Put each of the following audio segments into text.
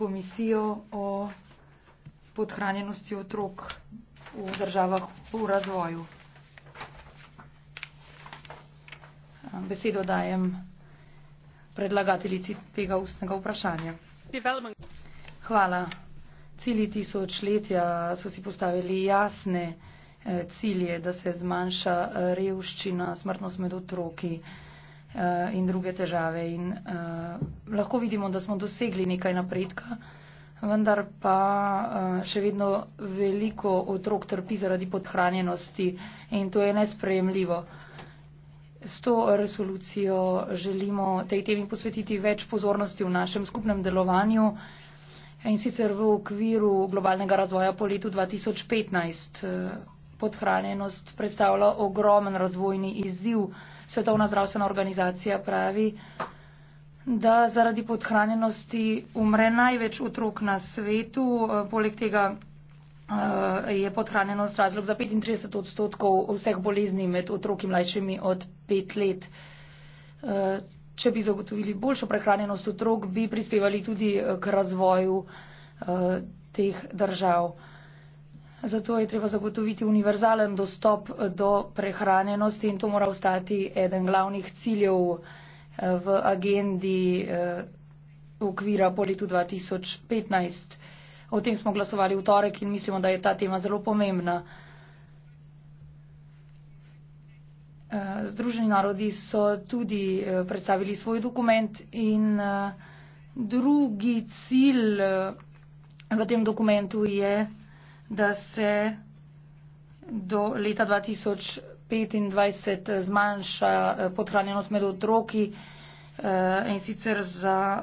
komisijo o podhranjenosti otrok v državah v razvoju. Besedo dajem predlagateljici tega ustnega vprašanja. Hvala. Cilji tisočletja so si postavili jasne eh, cilje, da se zmanjša eh, revščina, smrtnost med otroki. Eh, in druge težave. In, uh, lahko vidimo, da smo dosegli nekaj napredka, vendar pa uh, še vedno veliko otrok trpi zaradi podhranjenosti in to je nesprejemljivo. S to resolucijo želimo tej temi posvetiti več pozornosti v našem skupnem delovanju in sicer v okviru globalnega razvoja po letu 2015. Podhranjenost predstavlja ogromen razvojni izziv. Svetovna zdravstvena organizacija pravi, da zaradi podhranjenosti umre največ otrok na svetu. Eh, poleg tega eh, je podhranjenost razlog za 35 odstotkov vseh bolezni med otroki mlajšimi od 5 let. Eh, če bi zagotovili boljšo prehranjenost otrok, bi prispevali tudi k razvoju teh držav. Zato je treba zagotoviti univerzalen dostop do prehranjenosti in to mora ostati eden glavnih ciljev eh, v agendi eh, okvira po letu 2015. O tem smo glasovali v torek in mislimo, da je ta tema zelo pomembna. Eh, Združeni narodi so tudi predstavili svoj dokument in drugi cilj v tem dokumentu je da se do leta 2025 zmanjša eh, podhranjenost med otroki eh, in sicer za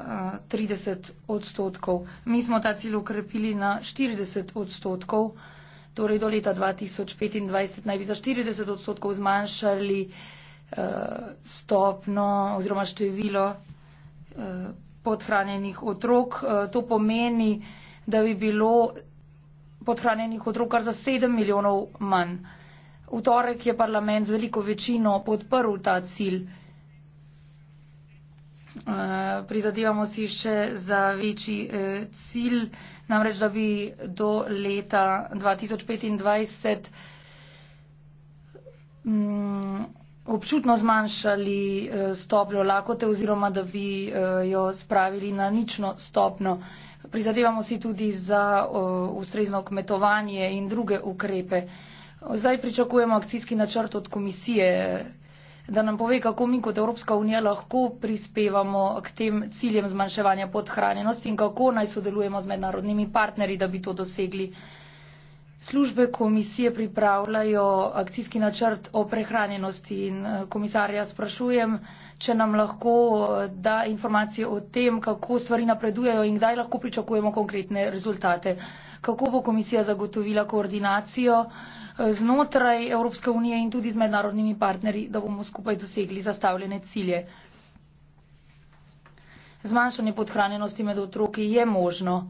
30 eh, odstotkov. Mi smo ta cilj ukrepili na 40 odstotkov, torej do leta 2025 naj bi za 40 odstotkov zmanjšali stopno oziroma število podhranjenih otrok. To pomeni, da bi bilo podhranjenih otrok kar za 7 milijonov manj. V torek je parlament z veliko večino podprl ta cilj. Eh, prizadevamo si še za večji eh, cilj, namreč da bi do leta 2025 mm, občutno zmanjšali eh, stopnjo lakote oziroma da bi jo spravili na nično stopnjo prizadevamo si tudi za ustrezno kmetovanje in druge ukrepe. Zdaj pričakujemo akcijski načrt od komisije, da nam pove, kako mi kot Evropska unija lahko prispevamo k tem ciljem zmanjševanja podhranjenosti in kako naj sodelujemo z mednarodnimi partnerji, da bi to dosegli službe komisije pripravljajo akcijski načrt o prehranjenosti in eh, komisarja sprašujem, če nam lahko eh, da informacije o tem, kako stvari napredujejo in kdaj lahko pričakujemo konkretne rezultate. Kako bo komisija zagotovila koordinacijo eh, znotraj Evropske unije in tudi z mednarodnimi partnerji, da bomo skupaj dosegli zastavljene cilje? Zmanjšanje podhranjenosti med otroki je možno.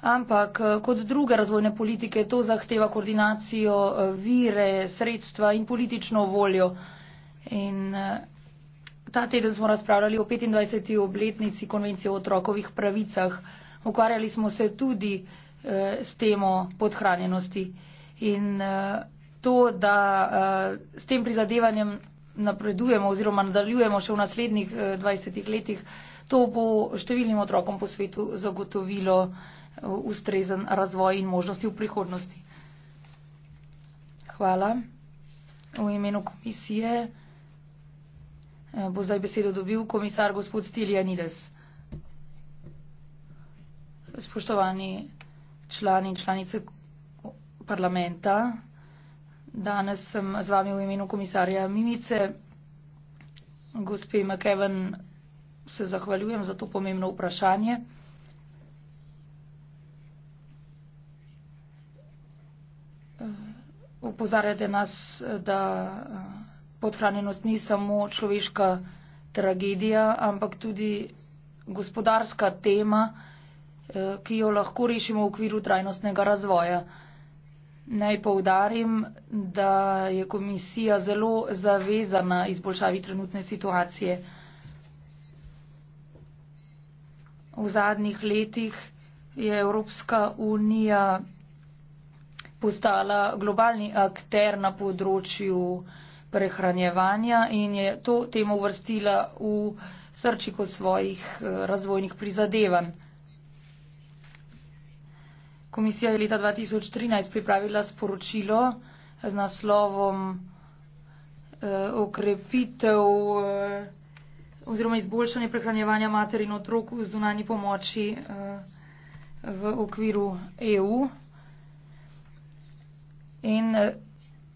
Ampak eh, kot druge razvojne politike to zahteva koordinacijo eh, vire, sredstva in politično voljo. In eh, ta teden smo razpravljali o 25. obletnici konvencije o otrokovih pravicah. Ukvarjali smo se tudi s temo podhranjenosti. In to, da s tem prizadevanjem napredujemo oziroma nadaljujemo še v naslednjih 20 letih, to bo številnim otrokom po svetu zagotovilo ustrezen razvoj in možnosti v prihodnosti. Hvala. V imenu komisije eh, bo zdaj besedo dobil komisar gospod Stilija Nides. Spoštovani člani in članice parlamenta, danes sem z vami v imenu komisarja Mimice. Gospe McEwen se zahvaljujem za to pomembno vprašanje. opozarjate nas, da eh, podhranjenost ni samo človeška tragedija, ampak tudi gospodarska tema, eh, ki jo lahko rešimo v okviru trajnostnega razvoja. Naj poudarim, da je komisija zelo zavezana izboljšavi trenutne situacije. V zadnjih letih je Evropska unija postala globalni akter na področju prehranjevanja in je to temo uvrstila v srčiko svojih eh, razvojnih prizadevanj. Komisija je leta 2013 pripravila sporočilo z naslovom eh, okrepitev eh, oziroma izboljšanje prehranjevanja mater in otrok v zunanji pomoči eh, v okviru EU. In eh,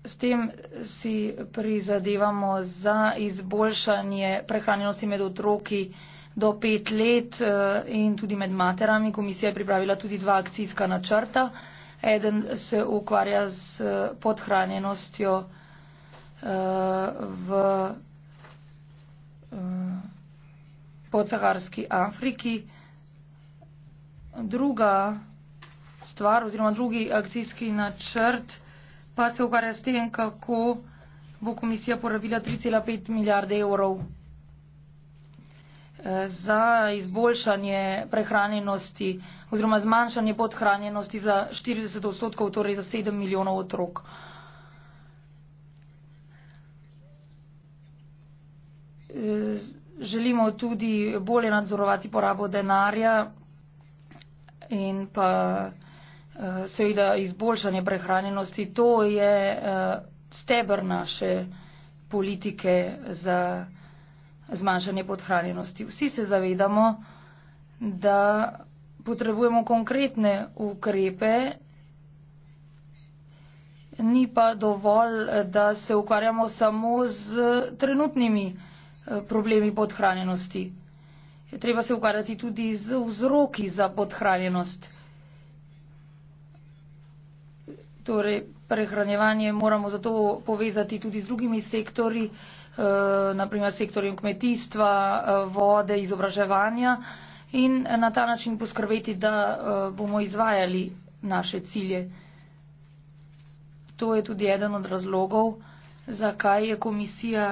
s tem si prizadevamo za izboljšanje prehranjenosti med otroki do pet let eh, in tudi med materami. Komisija je pripravila tudi dva akcijska načrta. Eden se ukvarja z eh, podhranjenostjo v podsaharski Afriki. Druga stvar oziroma drugi akcijski načrt pa se ukvarja s tem, kako bo komisija porabila 3,5 milijarde evrov eh, za izboljšanje prehranjenosti oziroma zmanjšanje podhranjenosti za 40 odstotkov, torej za 7 milijonov otrok. Eh, želimo tudi bolje nadzorovati porabo denarja in pa seveda izboljšanje prehranjenosti, to je eh, steber naše politike za zmanjšanje podhranjenosti. Vsi se zavedamo, da potrebujemo konkretne ukrepe, ni pa dovolj, eh, da se ukvarjamo samo z eh, trenutnimi problemi podhranjenosti. Treba se ukvarjati tudi z vzroki za podhranjenost. Torej, prehranjevanje moramo zato povezati tudi z drugimi sektori, eh, naprimer sektorjem kmetijstva, eh, vode, izobraževanja in na ta način poskrbeti, da eh, bomo izvajali naše cilje. To je tudi eden od razlogov, zakaj je komisija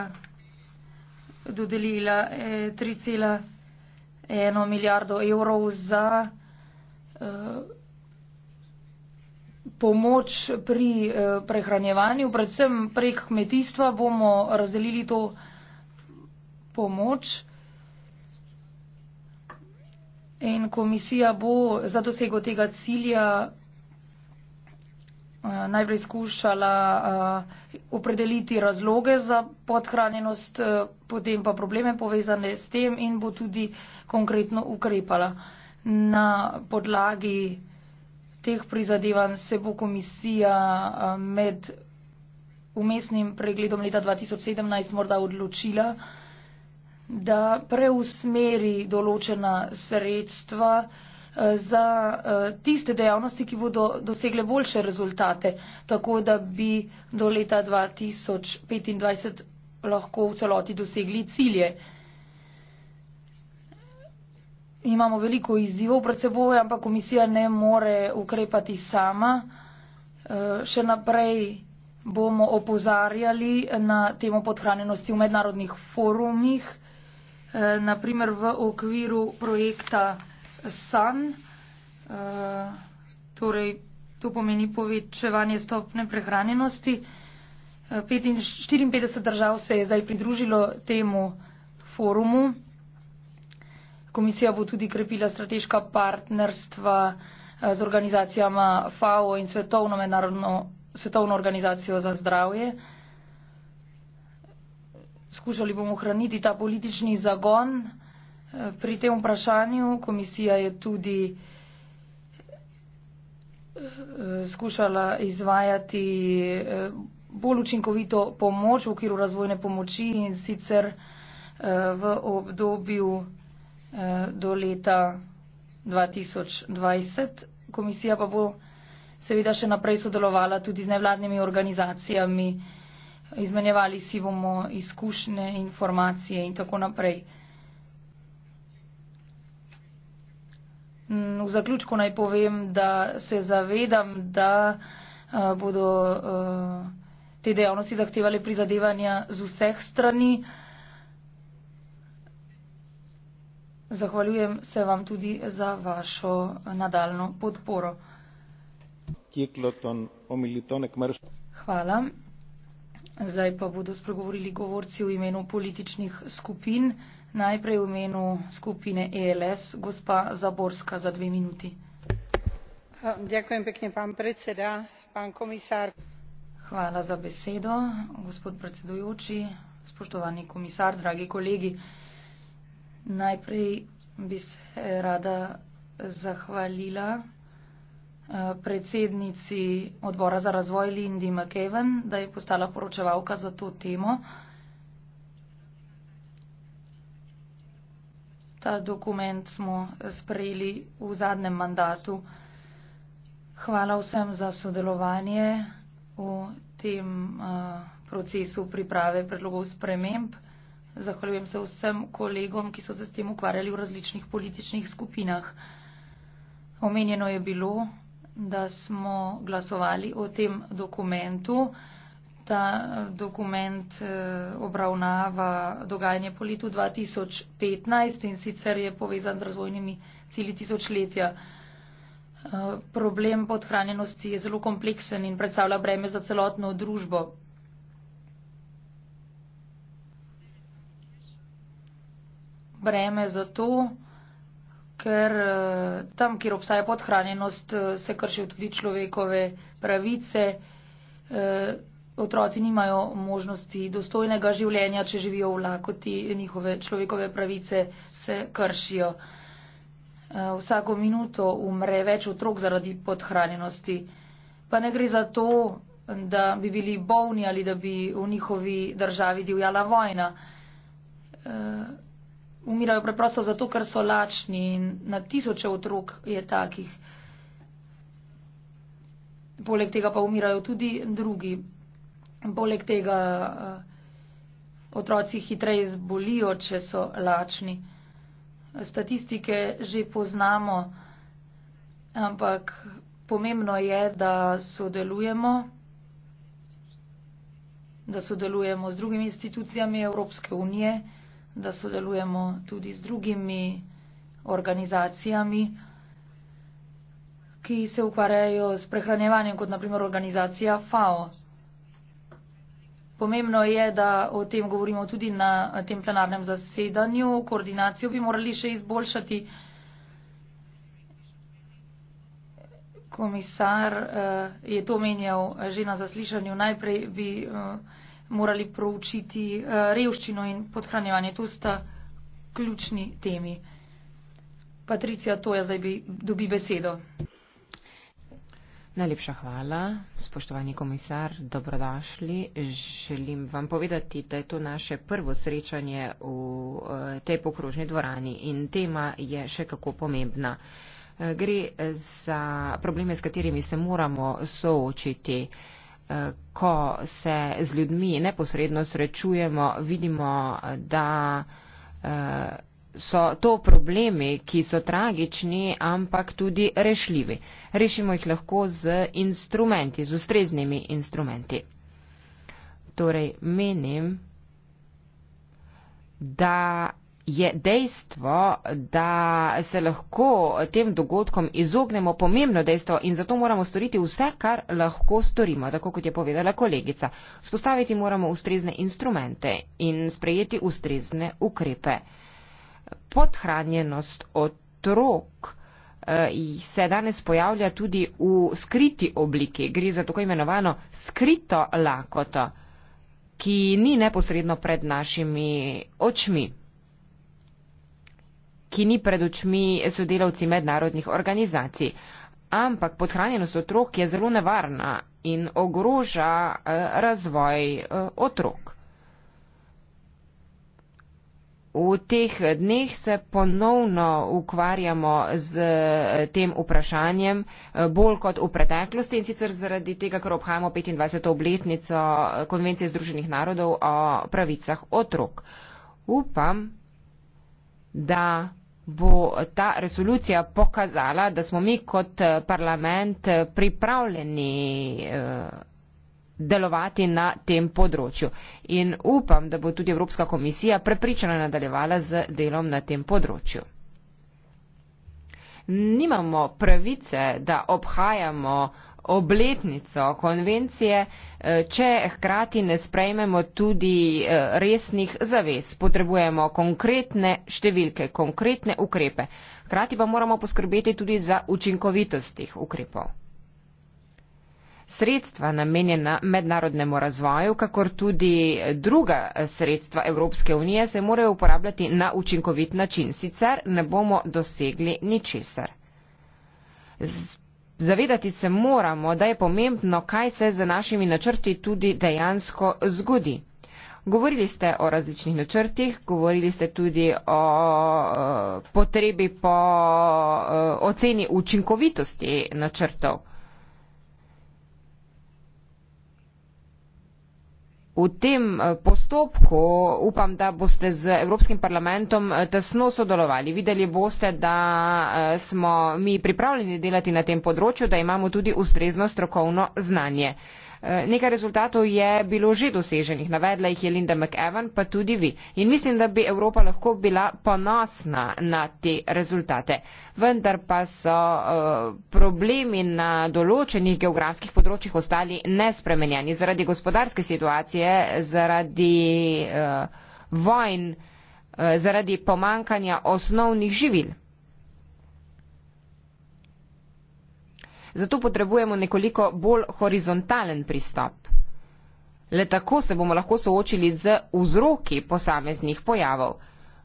dodelila 3,1 milijardo evrov za pomoč pri eh, prehranjevanju, predvsem prek kmetijstva bomo razdelili to pomoč. In komisija bo za dosego tega cilja eh, najprej skušala eh, opredeliti razloge za podhranjenost, potem pa probleme povezane s tem in bo tudi konkretno ukrepala na podlagi teh prizadevanj se bo komisija eh, med umestnim pregledom leta 2017 morda odločila, da preusmeri določena sredstva eh, za eh, tiste dejavnosti, ki bodo dosegle boljše rezultate, tako da bi do leta 2025 lahko v celoti dosegli cilje imamo veliko izzivov pred seboj, ampak komisija ne more ukrepati sama. Eh, še naprej bomo opozarjali na temo podhranjenosti v mednarodnih forumih, eh, naprimer v okviru projekta SAN. Eh, torej, to pomeni povečevanje stopne prehranjenosti. 54 držav se je zdaj pridružilo temu forumu. Komisija bo tudi krepila strateška partnerstva eh, z organizacijama FAO in Svetovno mednarodno svetovno organizacijo za zdravje. Skušali bomo ohraniti ta politični zagon eh, pri tem vprašanju. Komisija je tudi eh, skušala izvajati bolj učinkovito pomoč v okviru razvojne pomoči in sicer v obdobju do leta 2020. Komisija pa bo seveda še naprej sodelovala tudi z nevladnimi organizacijami, izmenjevali si bomo izkušnje, informacije in tako naprej. V zaključku naj povem, da se zavedam, da eh, bodo eh, te dejavnosti zahtevali prizadevanja z vseh strani. Zahvaljujem se vam tudi za vašo nadaljno podporo. Hvala. Zdaj pa bodo spregovorili govorci v imenu političnih skupin. Najprej v imenu skupine ELS, gospa Zaborska za dve minuti. Hvala za besedo, gospod predsedujoči, spoštovani komisar, dragi kolegi. Najprej bi se rada zahvalila eh, predsednici odbora za razvoj Lindy McEwen, da je postala poročevalka za to temo. Ta dokument smo sprejeli v zadnjem mandatu. Hvala vsem za sodelovanje v tem eh, procesu priprave predlogov sprememb. Zahvaljujem se vsem kolegom, ki so se s tem ukvarjali v različnih političnih skupinah. Omenjeno je bilo, da smo glasovali o tem dokumentu. Ta dokument eh, obravnava dogajanje po letu 2015 in sicer je povezan z razvojnimi cili tisočletja. Eh, problem podhranjenosti je zelo kompleksen in predstavlja breme za celotno družbo. breme za to, ker eh, tam, kjer obstaja podhranjenost, eh, se kršijo tudi človekove pravice. Eh, otroci nimajo možnosti dostojnega življenja, če živijo v lakoti, njihove človekove pravice se kršijo. Vsako minuto umre več otrok zaradi podhranjenosti. Pa ne gre za to, da bi bili bolni ali da bi v njihovi državi divjala vojna umirajo preprosto zato, ker so lačni in na tisoče otrok je takih. Poleg tega pa umirajo tudi drugi. Poleg tega eh, otroci hitreje zbolijo, če so lačni. Statistike že poznamo, ampak pomembno je, da sodelujemo, da sodelujemo z drugimi institucijami Evropske unije da sodelujemo tudi z drugimi organizacijami, ki se ukvarjajo s prehranjevanjem, kot naprimer organizacija FAO. Pomembno je, da o tem govorimo tudi na tem plenarnem zasedanju. Koordinacijo bi morali še izboljšati. Komisar eh, je to menjal že na zaslišanju. Najprej bi eh, morali proučiti eh, revščino in podhranjevanje. To sta ključni temi. Patricija Toja zdaj bi, dobi besedo. Najlepša hvala, spoštovani komisar, dobrodošli. Želim vam povedati, da je to naše prvo srečanje v eh, tej pokrožni dvorani in tema je še kako pomembna. Eh, gre za probleme, s katerimi se moramo soočiti ko se z ljudmi neposredno srečujemo, vidimo, da eh, so to problemi, ki so tragični, ampak tudi rešljivi. Rešimo jih lahko z instrumenti, z ustreznimi instrumenti. Torej, menim, da je dejstvo, da se lahko tem dogodkom izognemo, pomembno dejstvo in zato moramo storiti vse, kar lahko storimo, tako kot je povedala kolegica. Spostaviti moramo ustrezne instrumente in sprejeti ustrezne ukrepe. Podhranjenost otrok eh, se danes pojavlja tudi v skriti obliki. Gre za tako imenovano skrito lakoto, ki ni neposredno pred našimi očmi ki ni pred očmi sodelavci mednarodnih organizacij. Ampak podhranjenost otrok je zelo nevarna in ogroža eh, razvoj eh, otrok. V teh dneh se ponovno ukvarjamo z eh, tem vprašanjem, bolj kot v preteklosti in sicer zaradi tega, ker obhajamo 25. obletnico Konvencije Združenih narodov o pravicah otrok. Upam, da bo ta resolucija pokazala, da smo mi kot eh, parlament eh, pripravljeni eh, delovati na tem področju. In upam, da bo tudi Evropska komisija prepričana nadaljevala z delom na tem področju. Nimamo pravice, da obhajamo obletnico konvencije, eh, če hkrati ne sprejmemo tudi eh, resnih zavez. Potrebujemo konkretne številke, konkretne ukrepe. Hkrati pa moramo poskrbeti tudi za učinkovitost teh ukrepov. Sredstva namenjena mednarodnemu razvoju, kakor tudi eh, druga sredstva Evropske unije, se morajo uporabljati na učinkovit način, sicer ne bomo dosegli ničesar. Zavedati se moramo, da je pomembno, kaj se z našimi načrti tudi dejansko zgodi. Govorili ste o različnih načrtih, govorili ste tudi o eh, potrebi po eh, oceni učinkovitosti načrtov. v tem eh, postopku upam, da boste z Evropskim parlamentom eh, tesno sodelovali. Videli boste, da eh, smo mi pripravljeni delati na tem področju, da imamo tudi ustrezno strokovno znanje. Eh, nekaj rezultatov je bilo že doseženih, navedla jih je Linda McEwan, pa tudi vi. In mislim, da bi Evropa lahko bila ponosna na te rezultate. Vendar pa so eh, problemi na določenih geografskih področjih ostali nespremenjeni zaradi gospodarske situacije, zaradi eh, vojn, zaradi pomankanja osnovnih živil. zato potrebujemo nekoliko bolj horizontalen pristop. Le tako se bomo lahko soočili z vzroki posameznih pojavov.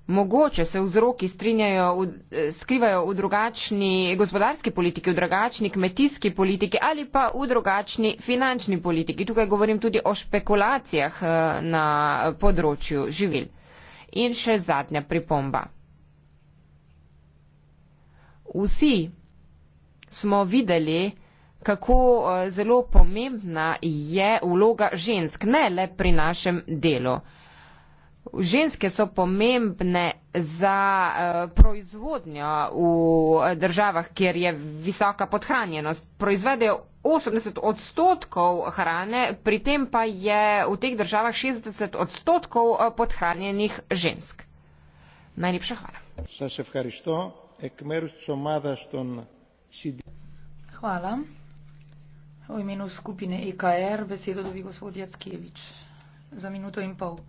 Mogoče se vzroki v, eh, skrivajo v drugačni gospodarski politiki, v drugačni kmetijski politiki ali pa v drugačni finančni politiki. Tukaj govorim tudi o špekulacijah eh, na področju živil. In še zadnja pripomba. Vsi smo videli, kako eh, zelo pomembna je vloga žensk, ne le pri našem delu. Ženske so pomembne za eh, proizvodnjo v eh, državah, kjer je visoka podhranjenost. Proizvedejo 80 odstotkov hrane, pri tem pa je v teh državah 60 odstotkov podhranjenih žensk. Najlepša hvala. Hvala. V imenu skupine EKR besedo dobi gospod Jackevič za minuto in pol.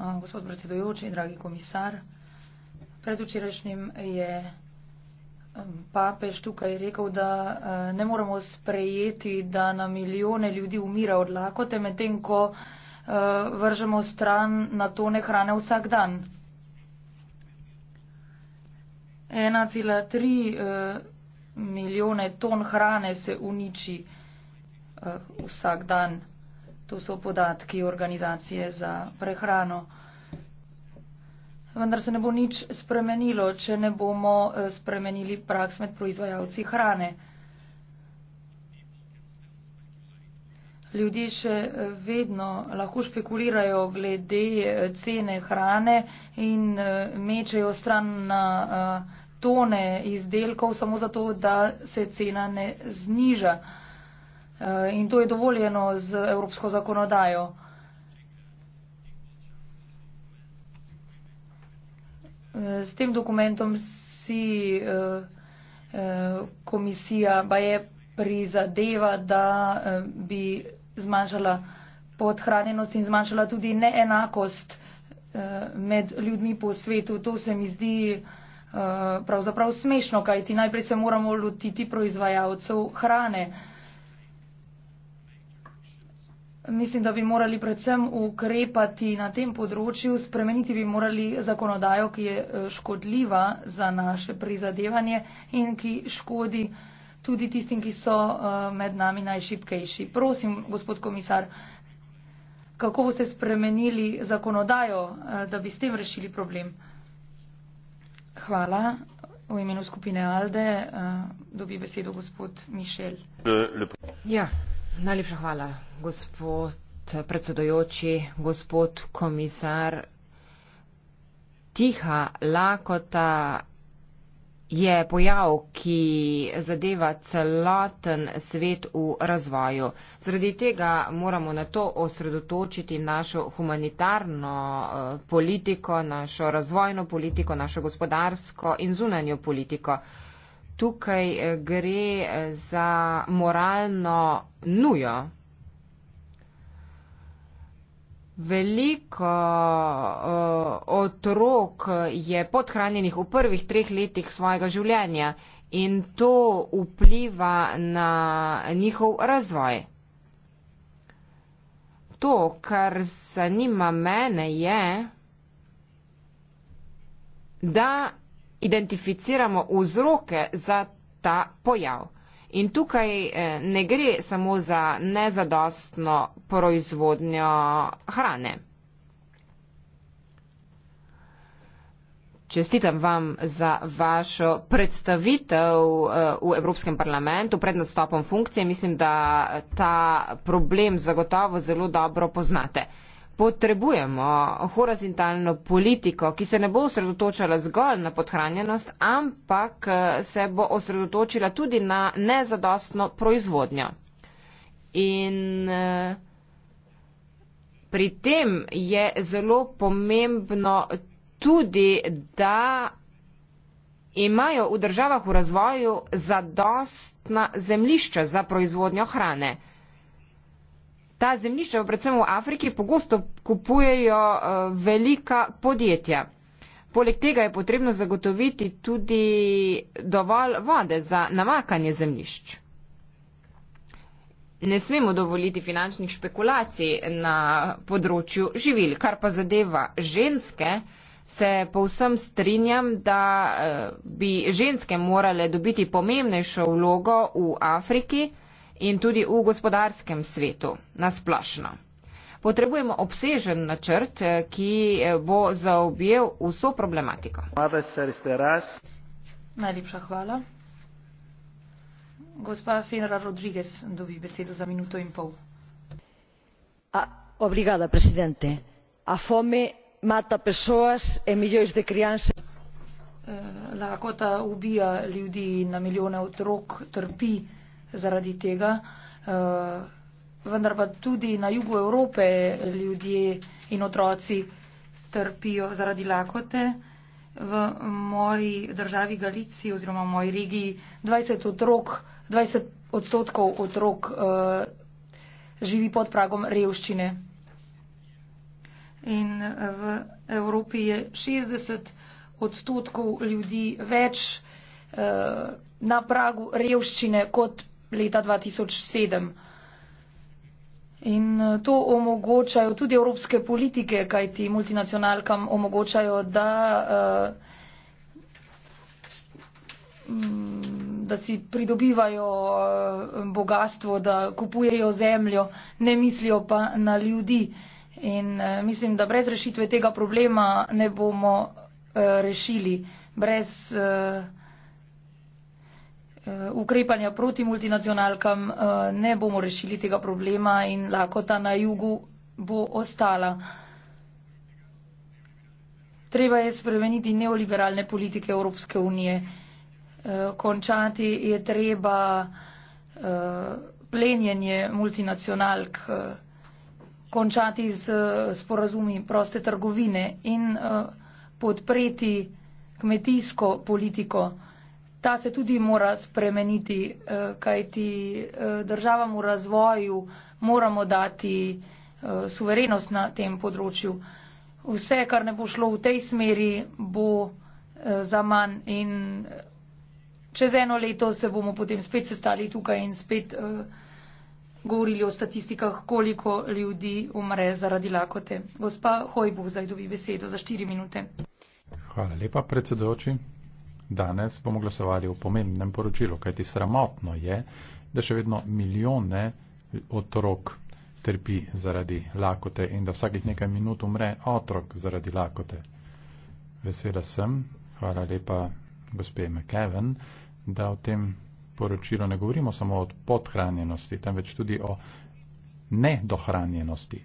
Gospod predsedujoči, dragi komisar, predvčerajšnjim je papež tukaj rekel, da e, ne moramo sprejeti, da na milijone ljudi umira od lakote, medtem ko e, vržemo stran na tone hrane vsak dan. 1,3 eh, milijone ton hrane se uniči eh, vsak dan. To so podatki organizacije za prehrano. Vendar se ne bo nič spremenilo, če ne bomo eh, spremenili praks med proizvajalci hrane. Ljudje še vedno lahko špekulirajo glede cene hrane in mečejo stran na hrane tone izdelkov, samo zato, da se cena ne zniža. E, in to je dovoljeno z evropsko zakonodajo. E, s tem dokumentom si e, komisija pa je prizadeva, da bi zmanjšala podhranjenost in zmanjšala tudi neenakost med ljudmi po svetu. To se mi zdi. Eh, pravzaprav smešno, kajti najprej se moramo lotiti proizvajalcev hrane. Mislim, da bi morali predvsem ukrepati na tem področju, spremeniti bi morali zakonodajo, ki je eh, škodljiva za naše prizadevanje in ki škodi tudi tistim, ki so eh, med nami najšipkejši. Prosim, gospod komisar, kako boste spremenili zakonodajo, da bi s tem rešili problem? Hvala. V imenu skupine Alde uh, dobi besedo gospod Mišel. Ja, najlepša hvala, gospod predsedojoči, gospod komisar. Tiha lakota je pojav, ki zadeva celoten svet v razvoju. Zradi tega moramo na to osredotočiti našo humanitarno eh, politiko, našo razvojno politiko, našo gospodarsko in zunanjo politiko. Tukaj eh, gre eh, za moralno nujo Veliko uh, otrok je podhranjenih v prvih treh letih svojega življenja in to vpliva na njihov razvoj. To, kar zanima mene, je, da identificiramo vzroke za ta pojav. In tukaj eh, ne gre samo za nezadostno proizvodnjo hrane. Čestitam vam za vašo predstavitev eh, v Evropskem parlamentu pred nastopom funkcije. Mislim, da ta problem zagotovo zelo dobro poznate. Potrebujemo horizontalno politiko, ki se ne bo osredotočala zgolj na podhranjenost, ampak eh, se bo osredotočila tudi na nezadostno proizvodnjo. In eh, pri tem je zelo pomembno tudi, da imajo v državah v razvoju zadostna zemlišča za proizvodnjo hrane ta zemljišča, predvsem v Afriki, pogosto kupujejo eh, velika podjetja. Poleg tega je potrebno zagotoviti tudi dovolj vode za namakanje zemljišč. Ne smemo dovoliti finančnih špekulacij na področju živil. Kar pa zadeva ženske, se povsem strinjam, da eh, bi ženske morale dobiti pomembnejšo vlogo v Afriki in tudi v gospodarskem svetu nasplašno. Potrebujemo obsežen načrt, eh, ki eh, bo zaobjel vso problematiko. Najlepša hvala. Gospa Fenra Rodriguez dobi besedo za minuto in pol. A, obrigada, presidente. A fome mata pessoas e milhões de crianças. Eh, Lakota ubija ljudi na milijone otrok, trpi zaradi tega. Eh, vendar pa tudi na jugu Evrope ljudje in otroci trpijo zaradi lakote. V moji državi Galici oziroma v moji regiji 20, otrok, 20 odstotkov otrok uh, živi pod pragom revščine. In eh, v Evropi je 60 odstotkov ljudi več uh, na pragu revščine kot leta 2007. In eh, to omogočajo tudi evropske politike, kaj ti multinacionalkam omogočajo, da, eh, da si pridobivajo eh, bogatstvo, da kupujejo zemljo, ne mislijo pa na ljudi. In mislim, da brez rešitve tega problema ne bomo rešili. Brez, uh, Eh, ukrepanja proti multinacionalkam eh, ne bomo rešili tega problema in lakota na jugu bo ostala. Treba je spremeniti neoliberalne politike Evropske unije. Eh, končati je treba plenjenje multinacionalk, končati z sporazumi proste trgovine in podpreti kmetijsko politiko ta se tudi mora spremeniti, eh, kajti eh, državam v razvoju moramo dati eh, suverenost na tem področju. Vse, kar ne bo šlo v tej smeri, bo za manj in čez eno leto se bomo potem spet sestali tukaj in spet govorili o statistikah, koliko ljudi umre zaradi lakote. Gospa Hojbuh zdaj dobi besedo za štiri minute. Hvala lepa, predsedoči. Danes bomo glasovali o pomembnem poročilu, kajti sramotno je, da še vedno milijone otrok trpi zaradi lakote in da vsakih nekaj minut umre otrok zaradi lakote. Vesela sem, hvala lepa gospe McKeven, da o tem poročilu ne govorimo samo o podhranjenosti, temveč tudi o nedohranjenosti.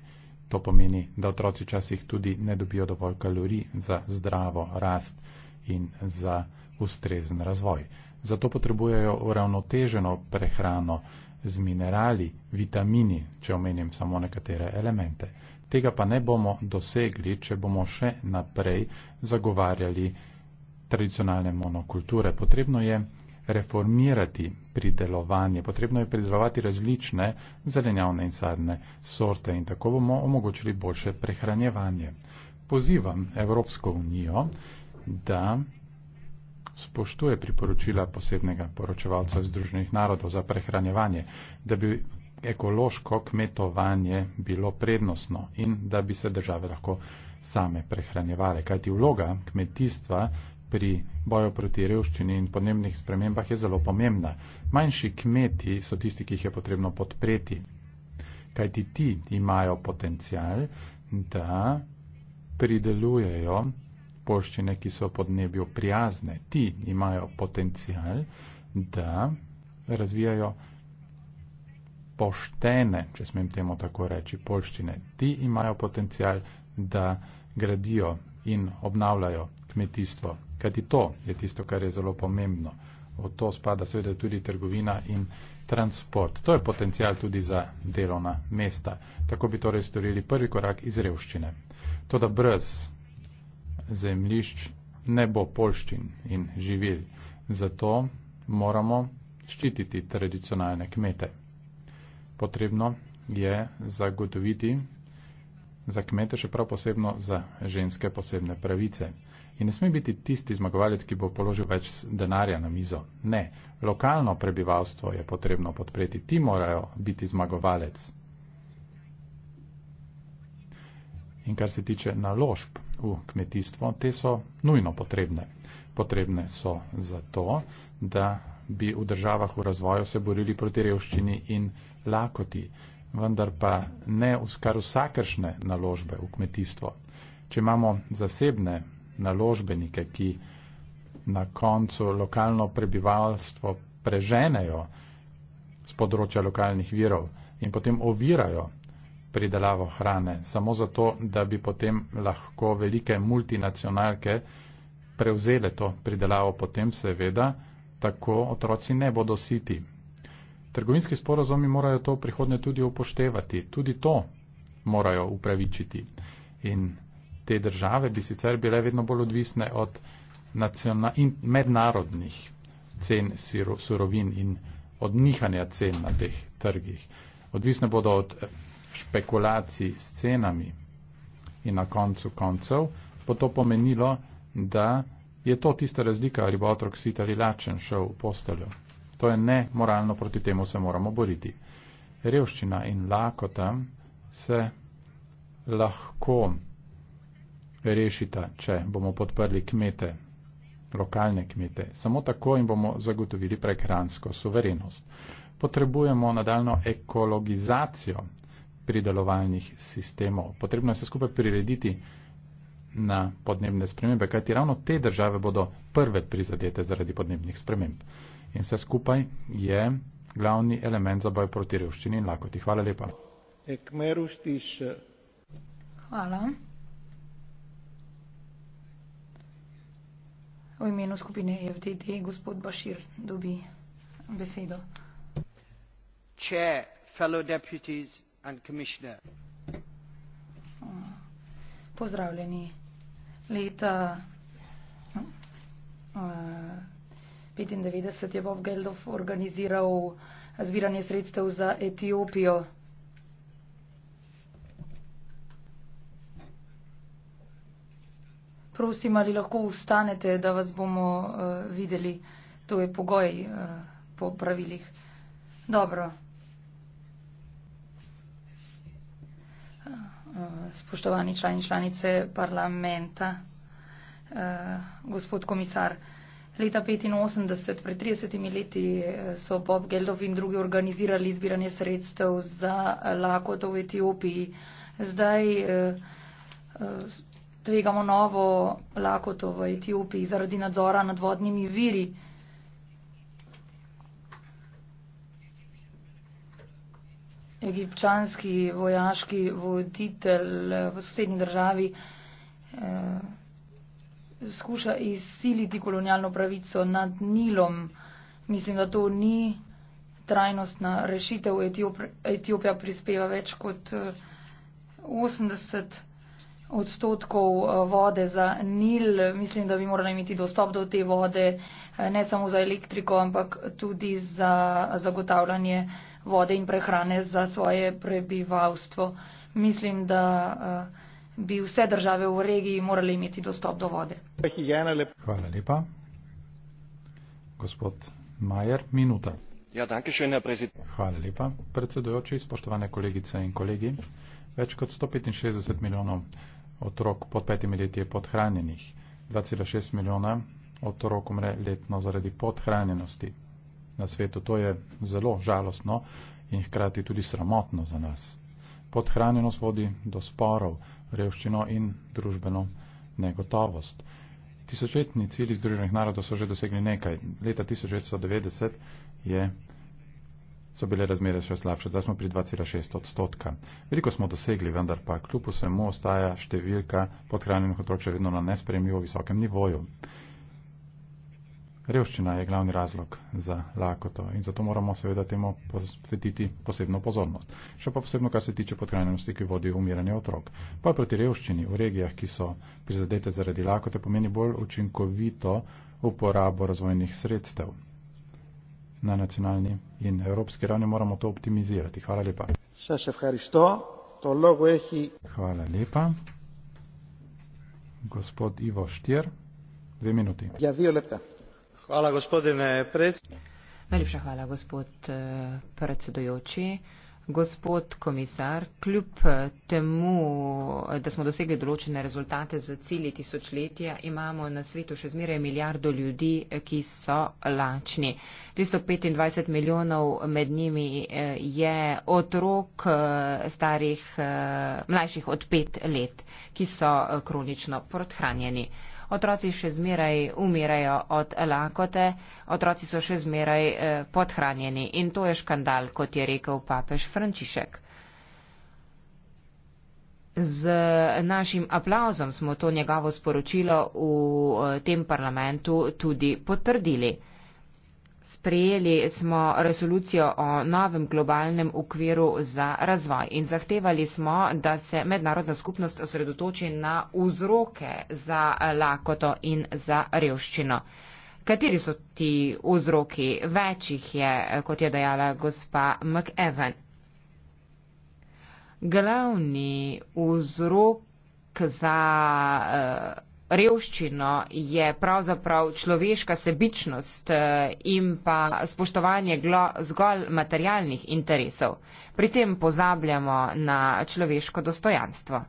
To pomeni, da otroci časih tudi ne dobijo dovolj kalorij za zdravo rast in za ustrezen razvoj. Zato potrebujejo uravnoteženo prehrano z minerali, vitamini, če omenim samo nekatere elemente. Tega pa ne bomo dosegli, če bomo še naprej zagovarjali tradicionalne monokulture. Potrebno je reformirati pridelovanje, potrebno je pridelovati različne zelenjavne in sadne sorte in tako bomo omogočili boljše prehranjevanje. Pozivam Evropsko unijo, da spoštuje priporočila posebnega poročevalca Združenih narodov za prehranjevanje, da bi ekološko kmetovanje bilo prednostno in da bi se države lahko same prehranjevale. Kajti vloga kmetijstva pri boju proti revščini in podnebnih spremembah je zelo pomembna. Manjši kmeti so tisti, ki jih je potrebno podpreti. Kajti ti imajo potencial, da pridelujejo poščine, ki so podnebju prijazne. Ti imajo potencial, da razvijajo poštene, če smem temu tako reči, poščine. Ti imajo potencial, da gradijo in obnavljajo kmetijstvo. Kajti to je tisto, kar je zelo pomembno. V to spada seveda tudi trgovina in transport. To je potencial tudi za delovna mesta. Tako bi torej storili prvi korak iz revščine. Toda brez zemljišč, ne bo polščin in živil. Zato moramo ščititi tradicionalne kmete. Potrebno je zagotoviti za kmete, še prav posebno za ženske posebne pravice. In ne sme biti tisti zmagovalec, ki bo položil več denarja na mizo. Ne, lokalno prebivalstvo je potrebno podpreti, ti morajo biti zmagovalec. In kar se tiče naložb v kmetijstvo, te so nujno potrebne. Potrebne so zato, da bi v državah v razvoju se borili proti revščini in lakoti, vendar pa ne kar vsakršne naložbe v kmetijstvo. Če imamo zasebne naložbenike, ki na koncu lokalno prebivalstvo preženejo z področja lokalnih virov in potem ovirajo pridelavo hrane, samo zato, da bi potem lahko velike multinacionalke prevzele to pridelavo, potem seveda tako otroci ne bodo siti. Trgovinski sporozumi morajo to prihodne tudi upoštevati, tudi to morajo upravičiti. In te države bi sicer bile vedno bolj odvisne od in mednarodnih cen surovin in od nihanja cen na teh trgih. Odvisne bodo od špekulacij s cenami in na koncu koncev, bo to pomenilo, da je to tista razlika, ali bo otrok sit ali lačen šel v posteljo. To je ne moralno, proti temu se moramo boriti. Revščina in lakota se lahko rešita, če bomo podprli kmete, lokalne kmete. Samo tako jim bomo zagotovili prekransko suverenost. Potrebujemo nadaljno ekologizacijo pridelovalnih sistemov. Potrebno je se skupaj prirediti na podnebne spremembe, kajti ravno te države bodo prve prizadete zaradi podnebnih sprememb. In vse skupaj je glavni element za boj proti revščini in lakoti. Hvala lepa. Eh. Hvala. V imenu skupine FDD gospod Bašir dobi besedo. Chair, fellow deputies, and Commissioner. Pozdravljeni. Leta uh, no, eh, 95 je Bob Geldof organiziral zbiranje sredstev za Etiopijo. Prosim, ali lahko ustanete, da vas bomo uh, videli. To je pogoj uh, po pravilih. Dobro. spoštovani člani članice parlamenta, eh, gospod komisar. Leta 1985, pred 30 leti, eh, so Bob Geldof in drugi organizirali zbiranje sredstev za lakoto v Etiopiji. Zdaj eh, tvegamo novo lakoto v Etiopiji zaradi nadzora nad vodnimi viri. egipčanski vojaški voditelj eh, v sosednji državi eh, skuša izsiliti kolonialno pravico nad Nilom. Mislim, da to ni trajnostna rešitev. Etiopija prispeva več kot 80 eh, odstotkov eh, vode za Nil. Mislim, da bi morali imeti dostop do te vode ne samo za elektriko, ampak tudi za zagotavljanje eh, vode in prehrane za svoje prebivalstvo. Mislim, da eh, bi vse države v regiji morali imeti dostop do vode. Hvala lepa. Gospod Majer, minuta. Ja, danke schön, Herr Präsident. Hvala lepa, predsedujoči, spoštovane kolegice in kolegi. Več kot 165 milijonov otrok pod petimi leti je podhranjenih. 2,6 milijona otrok umre letno zaradi podhranjenosti na svetu. To je zelo žalostno in hkrati tudi sramotno za nas. Podhranjenost vodi do sporov, revščino in družbeno negotovost. Tisočletni cilji Združenih narodov so že dosegli nekaj. Leta 1990 je, so bile razmere še slabše, zdaj smo pri 2,6 odstotka. Veliko smo dosegli, vendar pa kljub vsemu ostaja številka podhranjenih otrok še vedno na nespremljivo visokem nivoju. Revščina je glavni razlog za lakoto in zato moramo seveda temu posvetiti posebno pozornost. Še pa posebno, kar se tiče podhranjenosti, ki vodi v umiranje otrok. Boj proti revščini v regijah, ki so prizadete zaradi lakote, pomeni bolj učinkovito uporabo razvojnih sredstev. Na nacionalni in evropski ravni moramo to optimizirati. Hvala lepa. Hvala lepa. Gospod Ivo Štir, dve minuti. Ja, dve lepta najlepša hvala gospod eh, predsedujoči. Gospod komisar, kljub eh, temu, eh, da smo dosegli določene rezultate za cilje tisočletja, imamo na svetu še zmeraj milijardo ljudi, ki so lačni. 325 milijonov med njimi je otrok starih, mlajših od pet let, ki so kronično podhranjeni otroci še zmeraj umirajo od lakote, otroci so še zmeraj eh, podhranjeni in to je škandal, kot je rekel papež Frančišek. Z našim aplauzom smo to njegovo sporočilo v eh, tem parlamentu tudi potrdili. Sprejeli smo resolucijo o novem globalnem ukviru za razvoj in zahtevali smo, da se mednarodna skupnost osredotoči na vzroke za lakoto in za revščino. Kateri so ti vzroki? Večjih je, kot je dejala gospa McEwen. Glavni vzrok za uh, revščino je pravzaprav človeška sebičnost eh, in pa spoštovanje zgolj materialnih interesov. Pri tem pozabljamo na človeško dostojanstvo.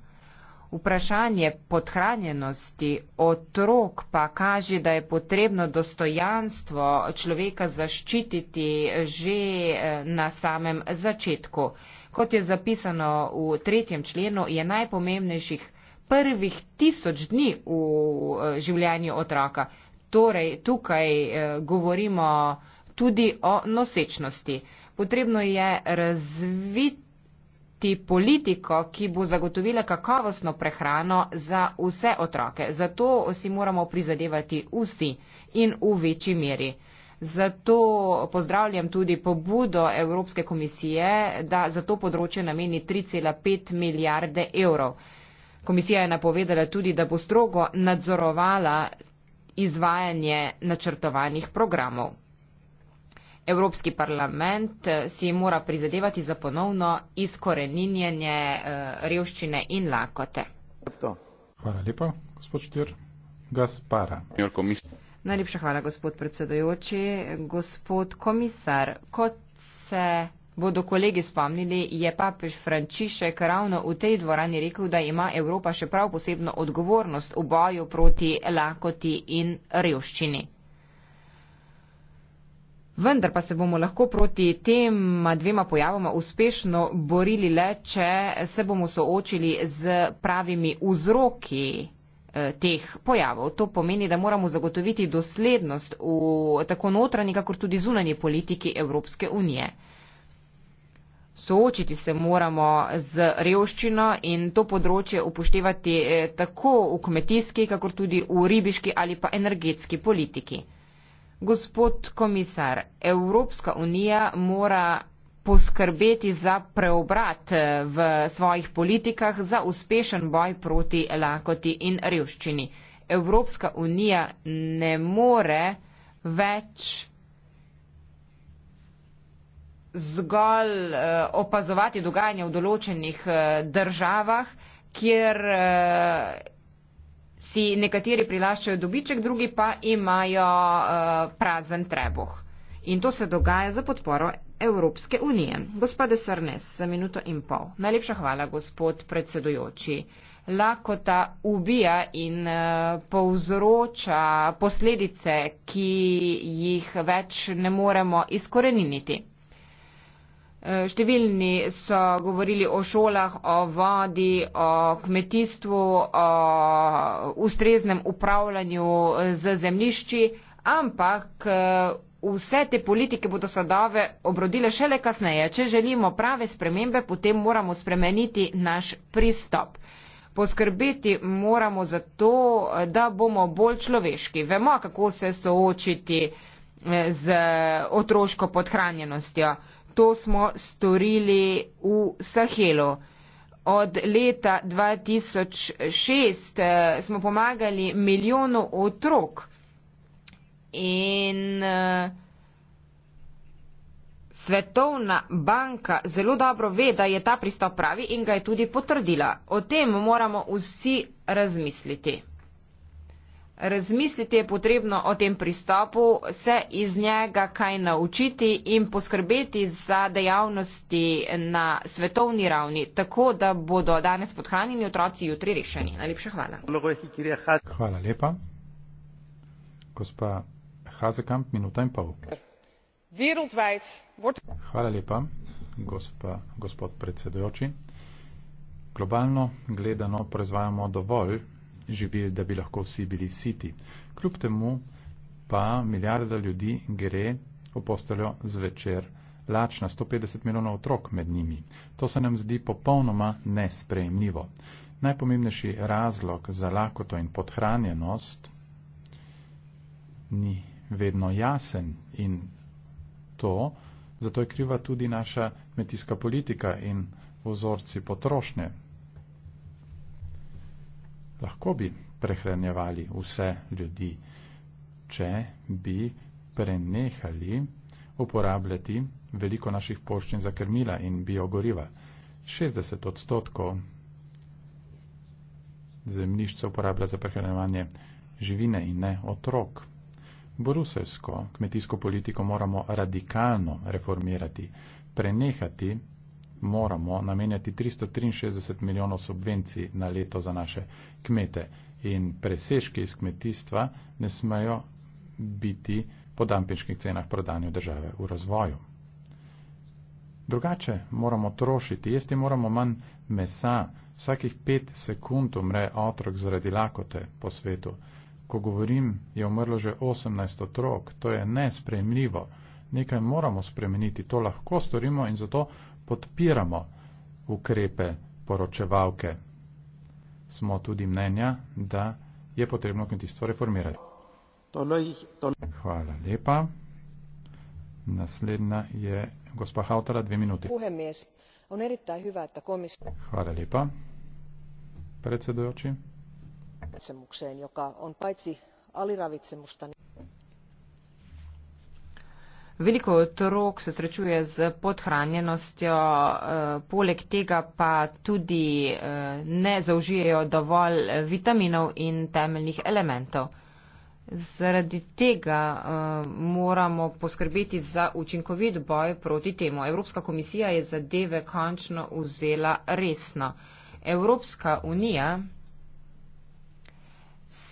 Vprašanje podhranjenosti otrok pa kaže, da je potrebno dostojanstvo človeka zaščititi že eh, na samem začetku. Kot je zapisano v tretjem členu, je najpomembnejših prvih tisoč dni v eh, življenju otroka. Torej, tukaj eh, govorimo tudi o nosečnosti. Potrebno je razviti politiko, ki bo zagotovila kakovostno prehrano za vse otroke. Zato si moramo prizadevati vsi in v večji meri. Zato pozdravljam tudi pobudo Evropske komisije, da za to področje nameni 3,5 milijarde evrov. Komisija je napovedala tudi, da bo strogo nadzorovala izvajanje načrtovanih programov. Evropski parlament eh, si mora prizadevati za ponovno izkoreninjenje eh, revščine in lakote. Hvala lepa, gospod Štir. Gaspara. Najlepša hvala, gospod predsedojoči. Gospod komisar, kot se Bodo kolegi spomnili, je papež Frančišek ravno v tej dvorani rekel, da ima Evropa še prav posebno odgovornost v boju proti lakoti in revščini. Vendar pa se bomo lahko proti tema dvema pojavoma uspešno borili le, če se bomo soočili z pravimi vzroki eh, teh pojavov. To pomeni, da moramo zagotoviti doslednost v tako notranji, kakor tudi zunanji politiki Evropske unije soočiti se moramo z revščino in to področje upoštevati eh, tako v kmetijski, kakor tudi v ribiški ali pa energetski politiki. Gospod komisar, Evropska unija mora poskrbeti za preobrat eh, v svojih politikah za uspešen boj proti lakoti in revščini. Evropska unija ne more več zgolj eh, opazovati dogajanje v določenih eh, državah, kjer eh, si nekateri prilaščajo dobiček, drugi pa imajo prazen trebuh. In to se dogaja za podporo Evropske unije. Gospode Sarnes, za minuto in pol. Najlepša hvala, gospod predsedujoči. Lakota ubija in povzroča posledice, ki jih več ne moremo izkoreniniti. Številni so govorili o šolah, o vodi, o kmetijstvu, o ustreznem upravljanju z zemlišči, ampak vse te politike bodo sadove obrodile šele kasneje. Če želimo prave spremembe, potem moramo spremeniti naš pristop. Poskrbeti moramo za to, da bomo bolj človeški. Vemo, kako se soočiti eh, z otroško podhranjenostjo. To smo storili v Sahelu. Od leta 2006 eh, smo pomagali milijonu otrok in eh, Svetovna banka zelo dobro ve, da je ta pristop pravi in ga je tudi potrdila. O tem moramo vsi razmisliti razmisliti je potrebno o tem pristopu, se iz njega kaj naučiti in poskrbeti za dejavnosti na svetovni ravni, tako da bodo danes podhranjeni otroci jutri rešeni. Najlepša hvala. Hvala lepa. Gospa Hazekamp, minuta in pol. Hvala lepa, gospa, gospod predsedujoči. Globalno gledano proizvajamo dovolj živeli, da bi lahko vsi bili siti. Kljub temu pa milijarda ljudi gre v postelo zvečer lačna, 150 milijonov otrok med njimi. To se nam zdi popolnoma nesprejemljivo. Najpomembnejši razlog za lakoto in podhranjenost ni vedno jasen in to, zato je kriva tudi naša kmetijska politika in vzorci potrošnje, lahko bi prehranjevali vse ljudi, če bi prenehali uporabljati veliko naših poščin za krmila in biogoriva. 60 odstotkov zemljišč se uporablja za prehranjevanje živine in ne otrok. Bruselsko kmetijsko politiko moramo radikalno reformirati, prenehati moramo namenjati 363 milijonov subvencij na leto za naše kmete. In presežki iz kmetijstva ne smejo biti po dampinških cenah prodanju države v razvoju. Drugače moramo trošiti, jesti moramo manj mesa. Vsakih pet sekund umre otrok zaradi lakote po svetu. Ko govorim, je umrlo že 18 otrok. To je nespremljivo. Nekaj moramo spremeniti, to lahko storimo in zato podpiramo ukrepe poročevalke. Smo tudi mnenja, da je potrebno kmetijstvo reformirati. Hvala lepa. Naslednja je gospa Hautala, dve minuti. Hvala lepa, predsedujoči. Joka on paitsi aliravitsemusta. Niin... Veliko otrok se srečuje z podhranjenostjo, eh, poleg tega pa tudi eh, ne zaužijejo dovolj eh, vitaminov in temeljnih elementov. Zaradi tega moramo poskrbeti za učinkovit boj proti temu. Evropska komisija je zadeve končno vzela resno. Evropska unija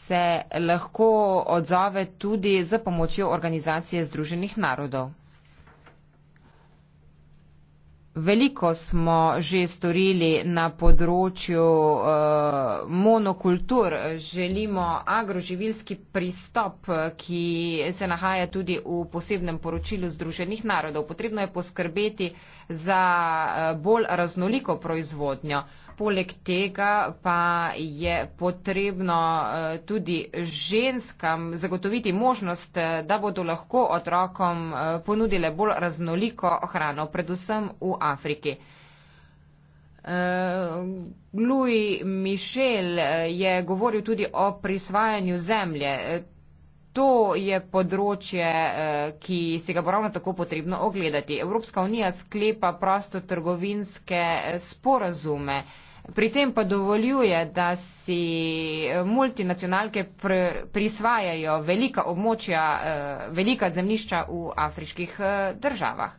se lahko odzove tudi z pomočjo organizacije Združenih narodov. Veliko smo že storili na področju uh, monokultur. Želimo agroživilski pristop, ki se nahaja tudi v posebnem poročilu Združenih narodov. Potrebno je poskrbeti za uh, bolj raznoliko proizvodnjo. Uh, poleg tega pa je potrebno eh, tudi ženskam zagotoviti možnost, eh, da bodo lahko otrokom eh, ponudile bolj raznoliko hrano, predvsem v Afriki. Louis Michel je govoril tudi o prisvajanju zemlje. To je področje, ki si ga bo ravno tako potrebno ogledati. Evropska unija sklepa prostotrgovinske sporazume pri tem pa dovoljuje, da si eh, multinacionalke pr prisvajajo velika območja, eh, velika zemlišča v afriških eh, državah.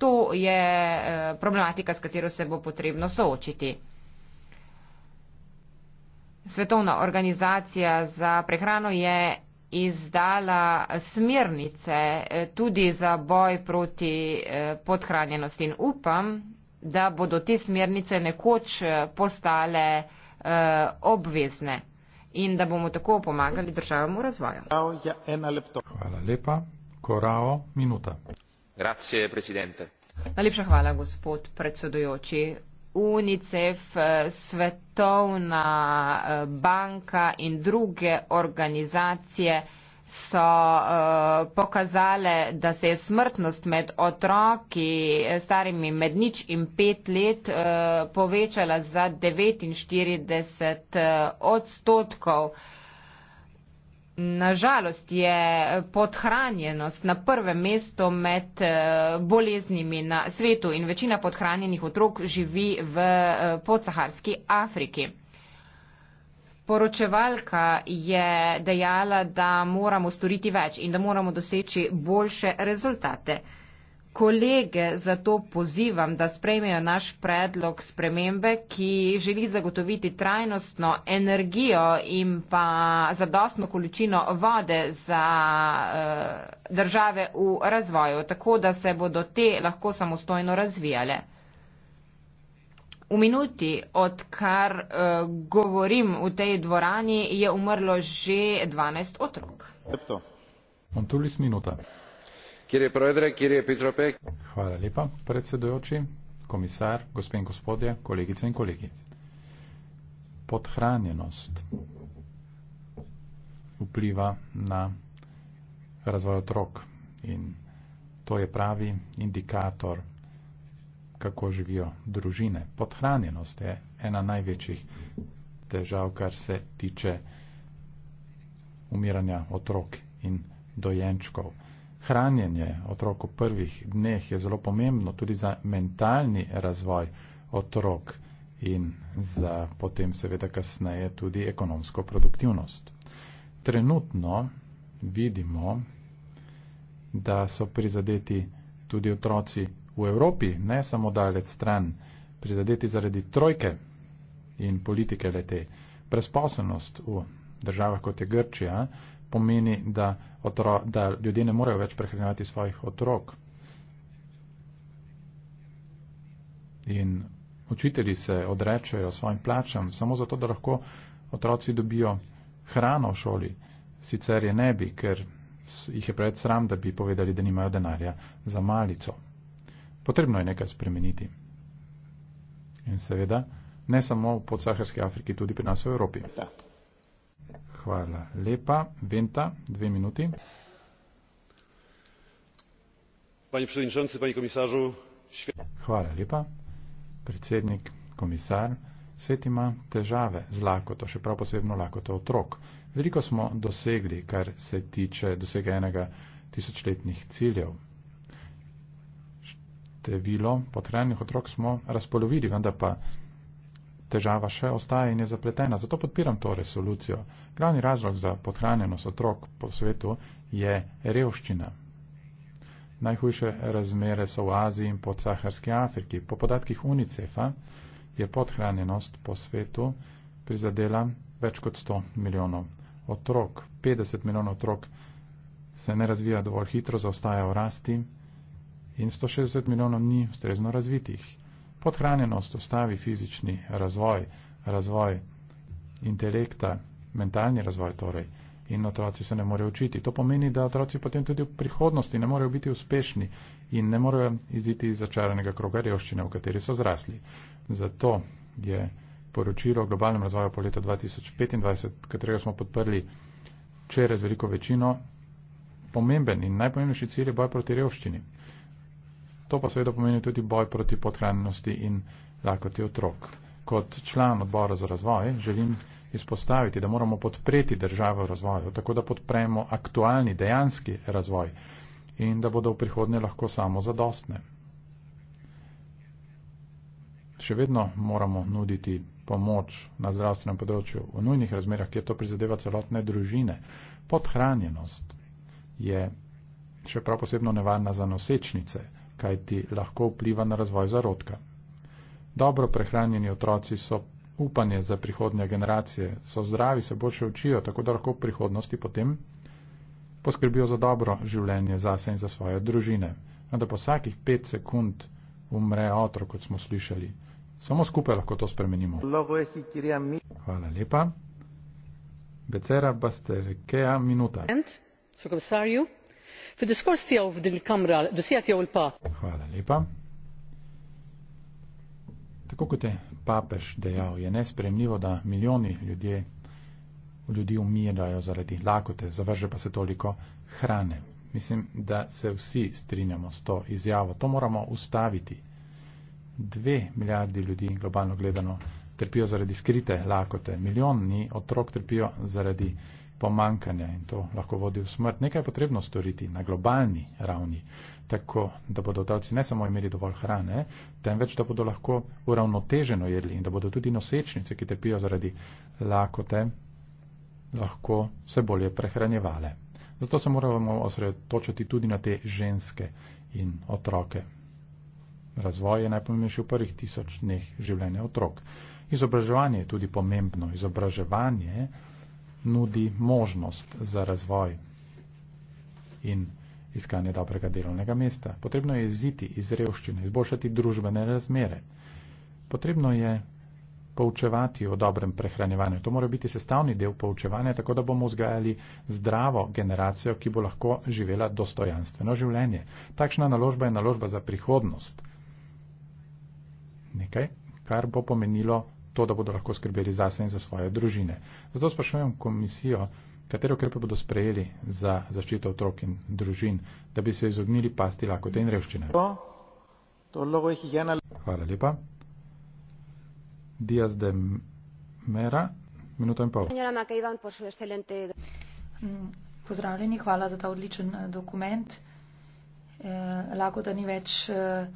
To je problematika, s katero se bo potrebno soočiti. Svetovna organizacija za prehrano je izdala smernice tudi za boj proti podhranjenosti in upam, da bodo te smernice nekoč eh, postale eh, obvezne in da bomo tako pomagali državam v razvoju. Hvala lepa. Korao, minuta. Najlepša hvala, gospod predsedujoči. UNICEF, eh, Svetovna banka in druge organizacije so uh, pokazale, da se je smrtnost med otroki starimi med nič in pet let uh, povečala za 49 eh, odstotkov. Nažalost je podhranjenost na prvem mestu med boleznimi na svetu in večina podhranjenih otrok živi v podsaharski Afriki poročevalka je dejala, da moramo storiti več in da moramo doseči boljše rezultate. Kolege zato pozivam, da sprejmejo naš predlog spremembe, ki želi zagotoviti trajnostno energijo in pa zadostno količino vode za eh, države v razvoju, tako da se bodo te lahko samostojno razvijale. V minuti, odkar uh, govorim v tej dvorani, je umrlo že 12 otrok. Hvala lepa, predsedojoči, komisar, gospe in gospodje, kolegice in kolegi. Podhranjenost vpliva na razvoj otrok in to je pravi indikator kako živijo družine. Podhranjenost je ena največjih težav, kar se tiče umiranja otrok in dojenčkov. Hranjenje otrok v prvih dneh je zelo pomembno tudi za mentalni razvoj otrok in za potem seveda kasneje tudi ekonomsko produktivnost. Trenutno vidimo, da so prizadeti tudi otroci v Evropi, ne samo dalec stran, prizadeti zaradi trojke in politike lete. Presposobnost v državah kot je Grčija pomeni, da, otro, da ljudje ne morejo več prehranjevati svojih otrok. In učitelji se odrečajo svojim plačam samo zato, da lahko otroci dobijo hrano v šoli. Sicer je ne bi, ker jih je preveč sram, da bi povedali, da nimajo denarja za malico potrebno je nekaj spremeniti. In seveda, ne samo v podsaharski Afriki, tudi pri nas v Evropi. Hvala lepa. Venta, dve minuti. Panie przewodniczący, panie komisarzu. Świat... Hvala lepa. Predsednik, komisar, svet ima težave z lakoto, še prav posebno lakoto otrok. Veliko smo dosegli, kar se tiče dosega enega tisočletnih ciljev, število potrebnih otrok smo razpolovili, vendar pa težava še ostaja in je zapletena. Zato podpiram to resolucijo. Glavni razlog za podhranjenost otrok po svetu je revščina. Najhujše razmere so v Aziji in po Saharski Afriki. Po podatkih UNICEF-a je podhranjenost po svetu prizadela več kot 100 milijonov otrok. 50 milijonov otrok se ne razvija dovolj hitro, zaostaja v rasti in 160 milijonov ni ustrezno razvitih. Podhranjenost ustavi fizični razvoj, razvoj intelekta, mentalni razvoj torej, in otroci se ne morejo učiti. To pomeni, da otroci potem tudi v prihodnosti ne morejo biti uspešni in ne morejo iziti iz začaranega kroga revščine, v kateri so zrasli. Zato je poročilo o globalnem razvoju po letu 2025, katerega smo podprli čez veliko večino, pomemben in najpomembnejši cilj je boj proti revščini. To pa seveda pomeni tudi boj proti podhranjenosti in lakoti otrok. Kot član odbora za razvoj želim izpostaviti, da moramo podpreti državo v razvoju, tako da podpremo aktualni dejanski razvoj in da bodo v prihodnje lahko samo zadostne. Še vedno moramo nuditi pomoč na zdravstvenem področju v nujnih razmerah, kjer to prizadeva celotne družine. Podhranjenost je še prav posebno nevarna za nosečnice kajti lahko vpliva na razvoj zarodka. Dobro prehranjeni otroci so upanje za prihodnje generacije, so zdravi, se boljše učijo, tako da lahko v prihodnosti potem poskrbijo za dobro življenje zase in za svoje družine. Vendar po vsakih pet sekund umre otrok, kot smo slišali. Samo skupaj lahko to spremenimo. Hvala lepa. Becera Basterkea minuta. And, so för det ska stå av din kamera. Du ser att jag håller på. Hvala lepa. Tako kot je papež dejal, je nespremljivo, da milijoni ljudje, ljudi umirajo zaradi lakote, zavrže pa se toliko hrane. Mislim, da se vsi strinjamo s to izjavo. To moramo ustaviti. Dve milijardi ljudi, globalno gledano, trpijo zaradi skrite lakote. Milijoni otrok trpijo zaradi lakote pomankanja in to lahko vodi v smrt. Nekaj je potrebno storiti na globalni ravni, tako da bodo otroci ne samo imeli dovolj hrane, temveč da bodo lahko uravnoteženo jedli in da bodo tudi nosečnice, ki tepijo zaradi lakote, lahko se bolje prehranjevale. Zato se moramo osredotočiti tudi na te ženske in otroke. Razvoj je najpomembnejši v prvih tisoč dneh življenja otrok. Izobraževanje je tudi pomembno. Izobraževanje nudi možnost za razvoj in iskanje dobrega delovnega mesta. Potrebno je iziti iz revščine, izboljšati družbene razmere. Potrebno je poučevati o dobrem prehranjevanju. To mora biti sestavni del poučevanja, tako da bomo vzgajali zdravo generacijo, ki bo lahko živela dostojanstveno življenje. Takšna naložba je naložba za prihodnost. Nekaj, kar bo pomenilo to, da bodo lahko skrbeli zase in za svoje družine. Zato sprašujem komisijo, katero ukrepe bodo sprejeli za zaščito otrok in družin, da bi se izognili pasti lakote in revščine. Hvala lepa. Diaz de Mera, minuto in pol. Mm, pozdravljeni, hvala za ta odličen eh, dokument. Eh, lakota ni več. Eh,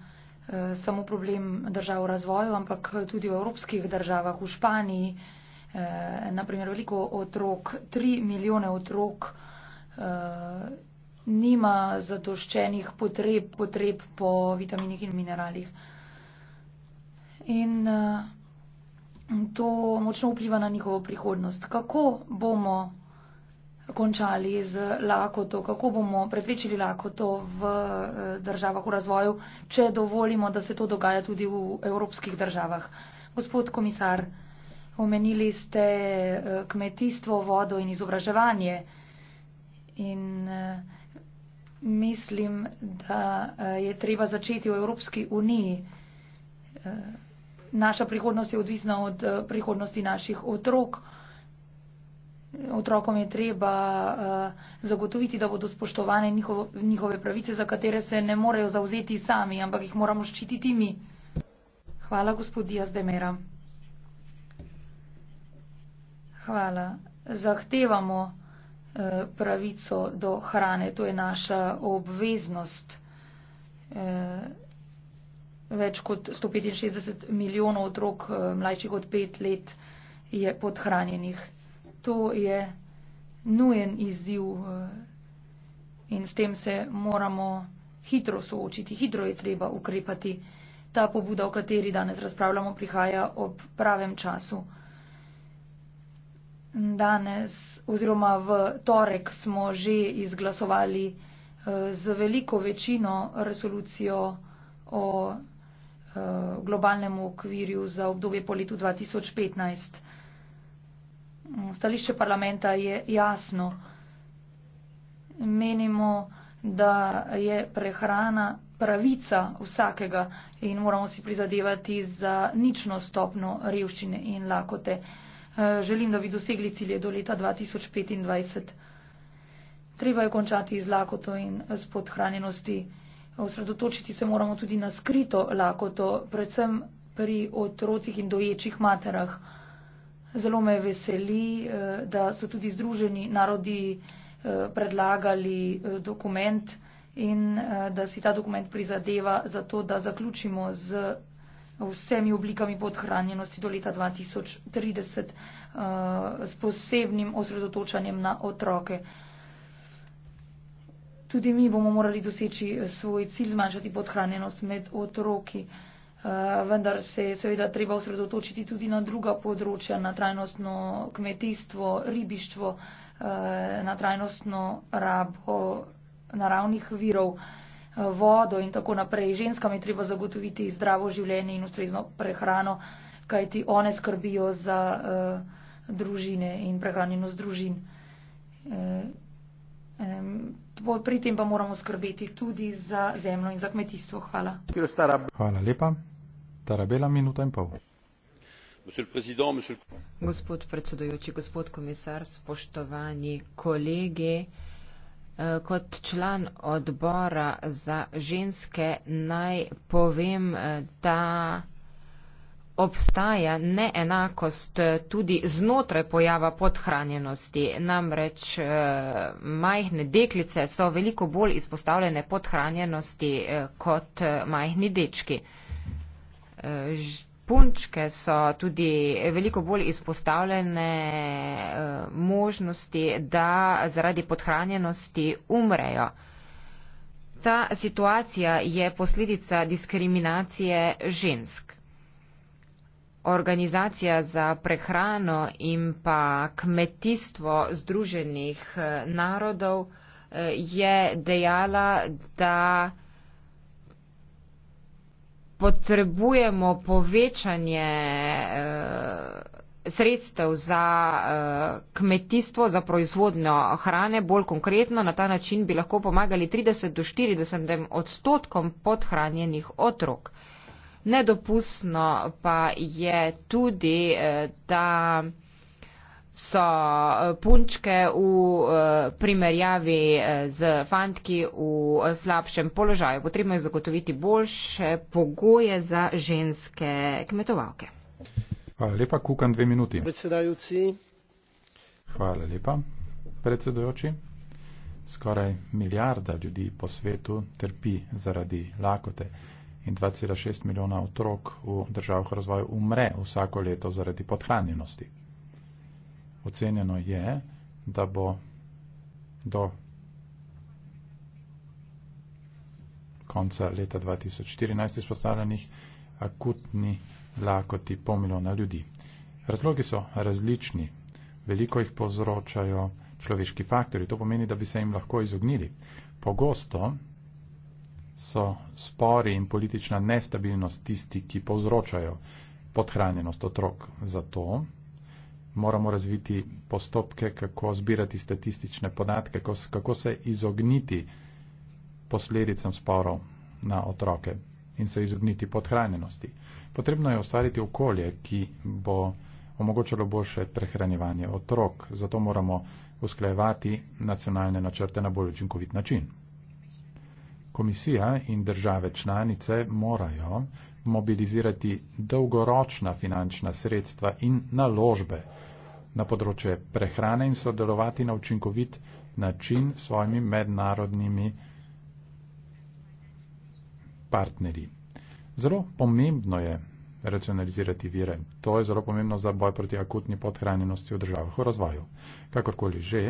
Eh, samo problem držav v razvoju, ampak tudi v evropskih državah, v Španiji, eh, naprimer veliko otrok, tri milijone otrok eh, nima zadoščenih potreb, potreb po vitaminih in mineralih. In eh, to močno vpliva na njihovo prihodnost. Kako bomo končali z lakoto, kako bomo prepričali lakoto v eh, državah v razvoju, če dovolimo, da se to dogaja tudi v evropskih državah. Gospod komisar, omenili ste eh, kmetijstvo, vodo in izobraževanje. In eh, mislim, da je treba začeti v Evropski uniji. Naša prihodnost je odvisna od prihodnosti naših otrok otrokom je treba uh, zagotoviti, da bodo spoštovane njihovo, njihove pravice, za katere se ne morejo zauzeti sami, ampak jih moramo ščititi mi. Hvala, gospod Dias Demera. Hvala. Zahtevamo uh, pravico do hrane, to je naša obveznost. Uh, več kot 165 milijonov otrok uh, mlajših od pet let je podhranjenih to je nujen izziv eh, in s tem se moramo hitro soočiti, hitro je treba ukrepati. Ta pobuda, o kateri danes razpravljamo, prihaja ob pravem času. Danes oziroma v torek smo že izglasovali eh, z veliko večino resolucijo o eh, globalnem okvirju za obdobje po letu 2015. Stališče parlamenta je jasno. Menimo, da je prehrana pravica vsakega in moramo si prizadevati za nično stopno revščine in lakote. Želim, da bi dosegli cilje do leta 2025. Treba je končati z lakoto in s podhranjenosti. Osredotočiti se moramo tudi na skrito lakoto, predvsem pri otrocih in doječih materah. Zelo me veseli, eh, da so tudi Združeni narodi eh, predlagali eh, dokument in da si ta dokument prizadeva za to, da zaključimo z vsemi oblikami podhranjenosti do leta 2030 s posebnim osredotočanjem na otroke. Tudi mi bomo morali doseči svoj cilj zmanjšati podhranjenost med otroki. Eh, vendar se je seveda treba osredotočiti tudi na druga področja, na trajnostno kmetijstvo, ribištvo, eh, na trajnostno rabo naravnih virov, eh, vodo in tako naprej. Ženskam je treba zagotoviti zdravo življenje in ustrezno prehrano, kajti one skrbijo za družine in prehranjenost družin. Pri tem pa moramo skrbeti tudi za zemljo in za kmetijstvo. Hvala. Hvala lepa gospod predsedujoči, gospod komisar, spoštovani kolegi. Eh, kot član odbora za ženske naj povem, eh, da obstaja neenakost tudi znotraj pojava podhranjenosti. Namreč eh, majhne deklice so veliko bolj izpostavljene podhranjenosti kot majhni dečki. Punčke so tudi veliko bolj izpostavljene eh, možnosti, da zaradi podhranjenosti umrejo. Ta situacija je posledica diskriminacije žensk. Organizacija za prehrano in pa kmetijstvo Združenih eh, narodov eh, je dejala, da potrebujemo povečanje eh, sredstev za eh, kmetijstvo, za proizvodnjo hrane, bolj konkretno na ta način bi lahko pomagali 30 do 40 odstotkom podhranjenih otrok. Nedopustno pa je tudi, eh, da so eh, punčke v eh, primerjavi eh, z fantki v slabšem položaju. Potrebno je zagotoviti boljše pogoje za ženske kmetovalke. Hvala lepa, kukam dve minuti. Predsedajoči. Hvala lepa, predsedajoči. Skoraj milijarda ljudi po svetu trpi zaradi lakote in 2,6 milijona otrok v državah razvoju umre vsako leto zaradi podhranjenosti ocenjeno je, da bo do konca leta 2014 izpostavljenih akutni lakoti pol milijona ljudi. Razlogi so različni. Veliko jih povzročajo človeški faktori. To pomeni, da bi se jim lahko izognili. Pogosto so spori in politična nestabilnost tisti, ki povzročajo podhranjenost otrok. Zato moramo razviti postopke, kako zbirati statistične podatke, kako, kako se izogniti posledicam sporov na otroke in se izogniti podhranjenosti. Potrebno je ustvariti okolje, ki bo omogočalo boljše prehranjevanje otrok, zato moramo usklajevati nacionalne načrte na bolj učinkovit način. Komisija in države članice morajo mobilizirati dolgoročna finančna sredstva in naložbe na področje prehrane in sodelovati na učinkovit način s svojimi mednarodnimi partnerji. Zelo pomembno je racionalizirati vire. To je zelo pomembno za boj proti akutni podhranjenosti v državah v razvoju. Kakorkoli že,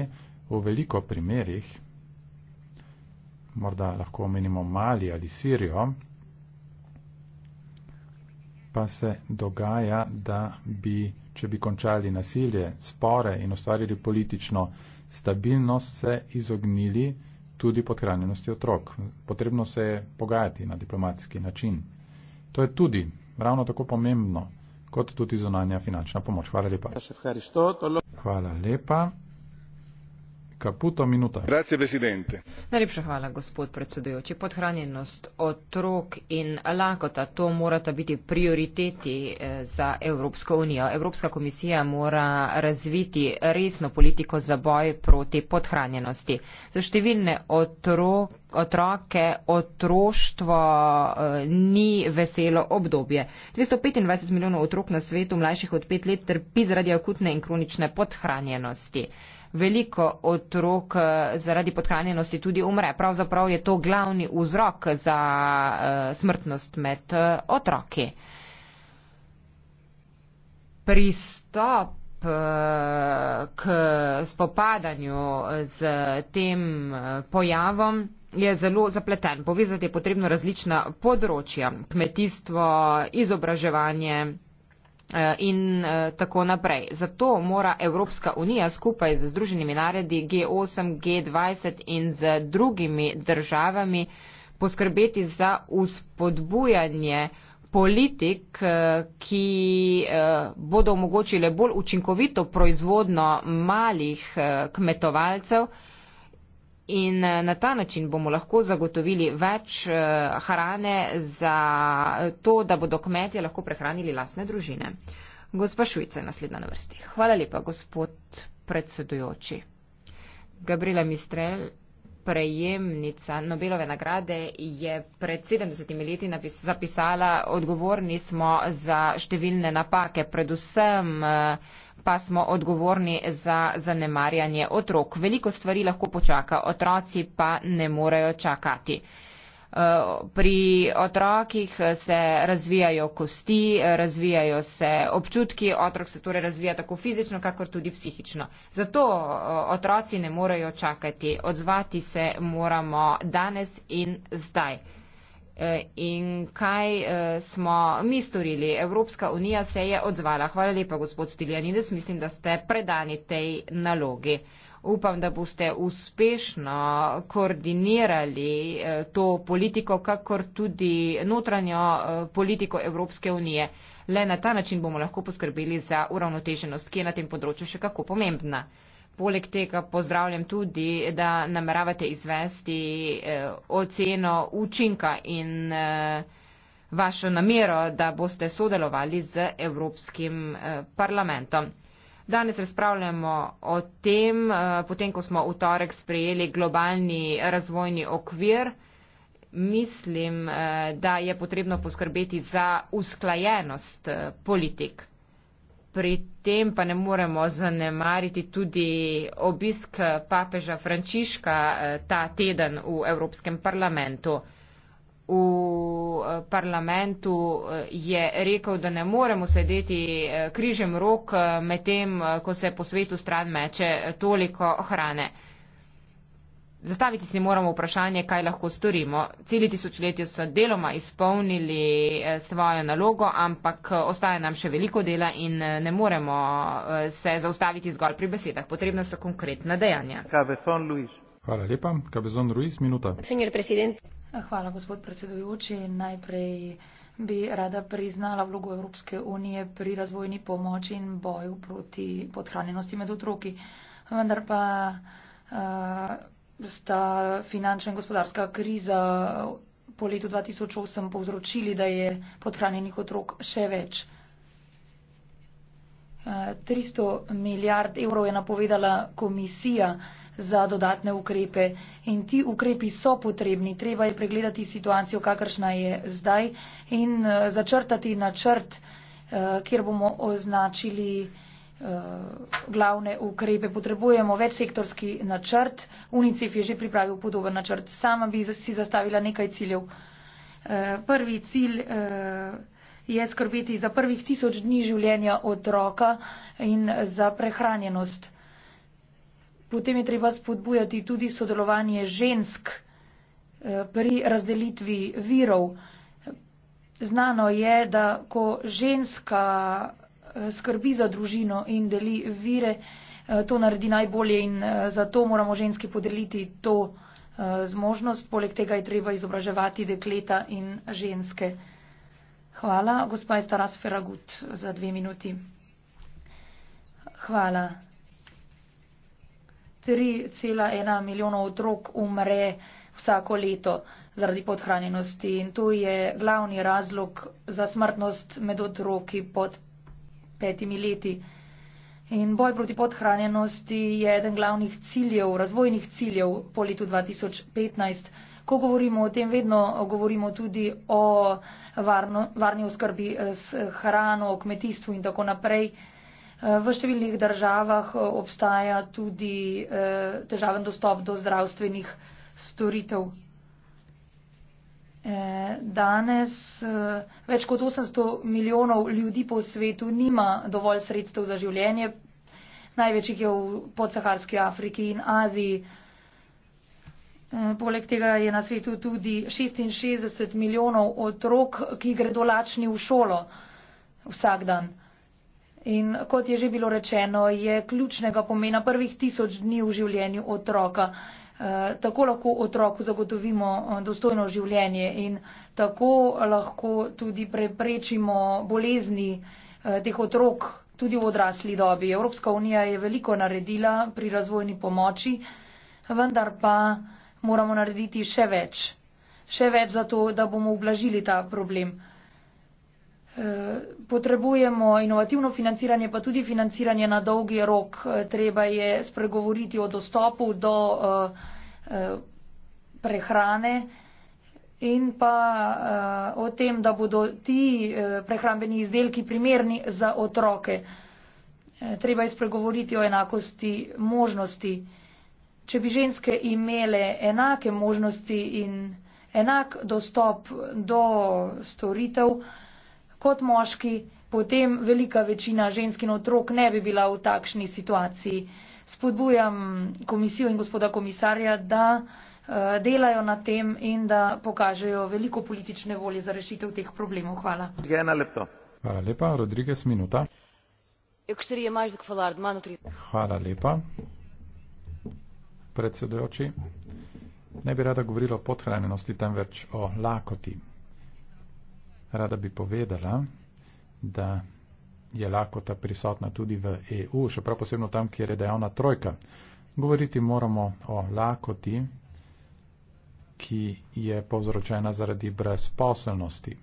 v veliko primerjih morda lahko omenimo Mali ali Sirijo, pa se dogaja, da bi, če bi končali nasilje, spore in ustvarili politično stabilnost, se izognili tudi podhranjenosti otrok. Potrebno se je pogajati na diplomatski način. To je tudi ravno tako pomembno kot tudi zunanja finančna pomoč. Hvala lepa. Hvala lepa. Hvala, Najlepša hvala, gospod predsedujoči. Podhranjenost otrok in lakota, to morata biti prioriteti eh, za Evropsko unijo. Evropska komisija mora razviti resno politiko za boj proti podhranjenosti. Za številne otrok, otroke otroštvo eh, ni veselo obdobje. 225 milijonov otrok na svetu mlajših od pet let trpi zaradi akutne in kronične podhranjenosti veliko otrok eh, zaradi podhranjenosti tudi umre. Pravzaprav je to glavni vzrok za eh, smrtnost med eh, otroki. Pristop k spopadanju z tem pojavom je zelo zapleten. Povezati je potrebno različna področja, kmetijstvo, izobraževanje, Eh, in eh, tako naprej. Zato mora Evropska unija skupaj z Združenimi narodi G8, G20 in z drugimi državami poskrbeti za uspodbujanje politik, eh, ki bodo omogočile bolj učinkovito proizvodno malih kmetovalcev, In eh, na ta način bomo lahko zagotovili več eh, hrane za eh, to, da bodo kmetje lahko prehranili lasne družine. Gospa Šujca je naslednja na vrsti. Hvala lepa, gospod predsedujoči. Gabriela Mistrel, prejemnica Nobelove nagrade, je pred 70 leti zapisala, odgovorni smo za številne napake, predvsem. Eh, pa smo odgovorni za zanemarjanje otrok. Veliko stvari lahko počaka, otroci pa ne morejo čakati. Eh, pri otrokih se razvijajo kosti, razvijajo se občutki, otrok se torej razvija tako fizično, kakor tudi psihično. Zato eh, otroci ne morejo čakati, odzvati se moramo danes in zdaj. Eh, in kaj eh, smo mi storili? Evropska unija se je odzvala. Hvala lepa, gospod Stiljanides, mislim, da ste predani tej nalogi. Upam, da boste uspešno koordinirali eh, to politiko, kakor tudi notranjo politiko Evropske unije. Le na ta način bomo lahko poskrbeli za uravnoteženost, ki je na tem področju še kako pomembna. Poleg tega pozdravljam tudi, da nameravate izvesti eh, oceno učinka in eh, vašo namero, da boste sodelovali z Evropskim eh, parlamentom. Danes razpravljamo o tem, eh, potem ko smo v torek sprejeli globalni razvojni okvir. Mislim, eh, da je potrebno poskrbeti za usklajenost eh, politik pri tem pa ne moremo zanemariti tudi obisk papeža Frančiška eh, ta teden v Evropskem parlamentu. V eh, parlamentu eh, je rekel, da ne moremo sedeti križem rok med tem, ko se po svetu stran meče toliko hrane. Zastaviti si moramo vprašanje, kaj lahko storimo. Celi tisočletje so deloma izpolnili eh, svojo nalogo, ampak eh, ostaje nam še veliko dela in eh, ne moremo se zaustaviti zgolj pri besedah. Potrebna so konkretna dejanja. Hvala lepa. Kabezon Ruiz, minuta. Hvala, gospod predsedujoči. Najprej bi rada priznala vlogo Evropske unije pri razvojni pomoči in boju proti podhranjenosti med otroki. Vendar pa. Uh, sta finančna in gospodarska kriza po letu 2008 povzročili, da je podhranjenih otrok še več. 300 eh, milijard evrov je napovedala komisija za dodatne ukrepe in ti ukrepi so potrebni. Treba je pregledati situacijo, kakršna je zdaj in eh, začrtati načrt, eh, kjer bomo označili Eh, glavne ukrepe. Potrebujemo več sektorski načrt. UNICEF je že pripravil podoben načrt. Sama bi si zastavila nekaj ciljev. Eh, prvi cilj eh, je skrbeti za prvih tisoč dni življenja otroka in za prehranjenost. Potem je treba spodbujati tudi sodelovanje žensk pri razdelitvi virov. Znano je, da ko ženska Eh, skrbi za družino in deli vire, eh, to naredi najbolje in eh, zato moramo ženski podeliti to zmožnost. Poleg tega je treba izobraževati dekleta in ženske. Hvala, gospa Estaras Feragut, za dve minuti. Hvala. 3,1 milijona otrok umre vsako leto zaradi podhranjenosti in to je glavni razlog za smrtnost med otroki pod petimi leti. In boj proti podhranjenosti je eden glavnih ciljev, razvojnih ciljev po letu 2015. Ko govorimo o tem, vedno govorimo tudi o varno, varni oskrbi eh, s hrano, o kmetijstvu in tako naprej. Eh, v številnih državah eh, obstaja tudi težaven dostop do zdravstvenih storitev. Danes eh, več kot 800 milijonov ljudi po svetu nima dovolj sredstev za življenje. Največjih je v podsaharski Afriki in Aziji. Eh, poleg tega je na svetu tudi 66 milijonov otrok, ki gredo lačni v šolo vsak dan. In kot je že bilo rečeno, je ključnega pomena prvih tisoč dni v življenju otroka. Eh, tako lahko otroku zagotovimo eh, dostojno življenje in tako lahko tudi preprečimo bolezni eh, teh otrok tudi v odrasli dobi. Evropska unija je veliko naredila pri razvojni pomoči, vendar pa moramo narediti še več. Še več za to, da bomo ublažili ta problem. Eh, potrebujemo inovativno financiranje, pa tudi financiranje na dolgi rok. Eh, treba je spregovoriti o dostopu do eh, prehrane in pa o tem, da bodo ti prehrambeni izdelki primerni za otroke. Treba je spregovoriti o enakosti možnosti. Če bi ženske imele enake možnosti in enak dostop do storitev, kot moški, potem velika večina žensk in otrok ne bi bila v takšni situaciji. Spodbujam komisijo in gospoda komisarja, da eh, delajo na tem in da pokažejo veliko politične volje za rešitev teh problemov. Hvala. Hvala lepa. Rodriguez, minuta. Hvala lepa. Predsedujoči, ne bi rada govorila o podhranjenosti, temveč o lakoti. Rada bi povedala, da je lakota prisotna tudi v EU, še prav posebno tam, kjer je dejavna trojka. Govoriti moramo o lakoti, ki je povzročena zaradi brezposelnosti.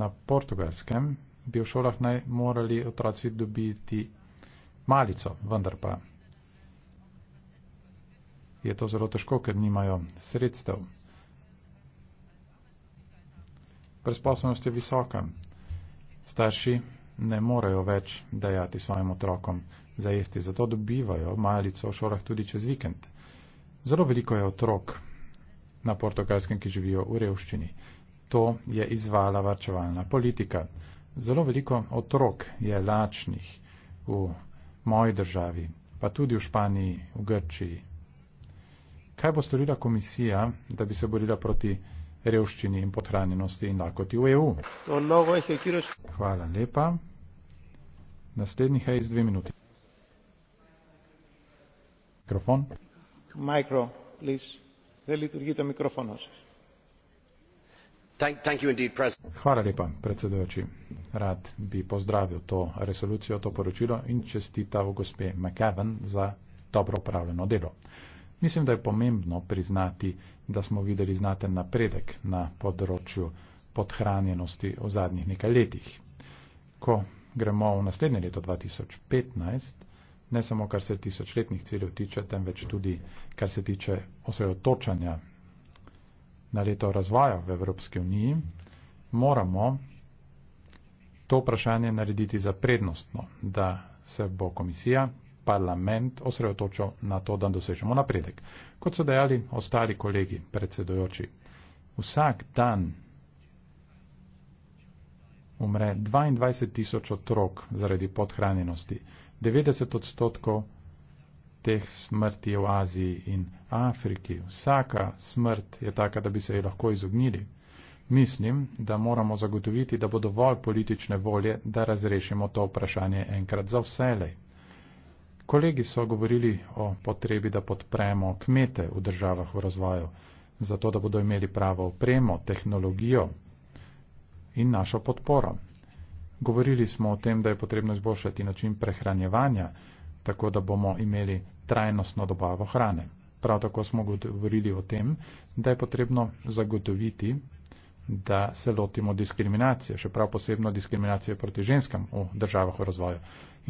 Na portugalskem bi v šolah naj morali otroci dobiti malico, vendar pa je to zelo težko, ker nimajo sredstev. brezposobnost je visoka. Starši ne morejo več dajati svojim otrokom za jesti, zato dobivajo malico v šolah tudi čez vikend. Zelo veliko je otrok na portugalskem, ki živijo v revščini. To je izvala varčevalna politika. Zelo veliko otrok je lačnih v moji državi, pa tudi v Španiji, v Grčiji. Kaj bo storila komisija, da bi se borila proti revščini in potranjenosti in lakoti v EU. Hvala lepa. Naslednji hejs dve minuti. Mikrofon. Mikro, prosim. Hvala lepa, predsedujoči. Rad bi pozdravil to resolucijo, to poročilo in čestital gospe McEwen za dobro upravljeno delo. Mislim, da je pomembno priznati, da smo videli znaten napredek na področju podhranjenosti v zadnjih nekaj letih. Ko gremo v naslednje leto 2015, ne samo kar se tisočletnih ciljev tiče, temveč tudi kar se tiče osredotočanja na leto razvoja v Evropski uniji, moramo to vprašanje narediti za prednostno, da se bo komisija parlament osredotočil na to, da dosežemo napredek. Kot so dejali ostali kolegi, predsedojoči, vsak dan umre 22 tisoč otrok zaradi podhranjenosti. 90 odstotkov teh smrti je v Aziji in Afriki. Vsaka smrt je taka, da bi se ji lahko izognili. Mislim, da moramo zagotoviti, da bo dovolj politične volje, da razrešimo to vprašanje enkrat za vselej. Kolegi so govorili o potrebi, da podpremo kmete v državah v razvoju, zato da bodo imeli pravo opremo, tehnologijo in našo podporo. Govorili smo o tem, da je potrebno izboljšati način prehranjevanja, tako da bomo imeli trajnostno dobavo hrane. Prav tako smo govorili o tem, da je potrebno zagotoviti da se lotimo diskriminacije, še prav posebno diskriminacije proti ženskam v državah v razvoju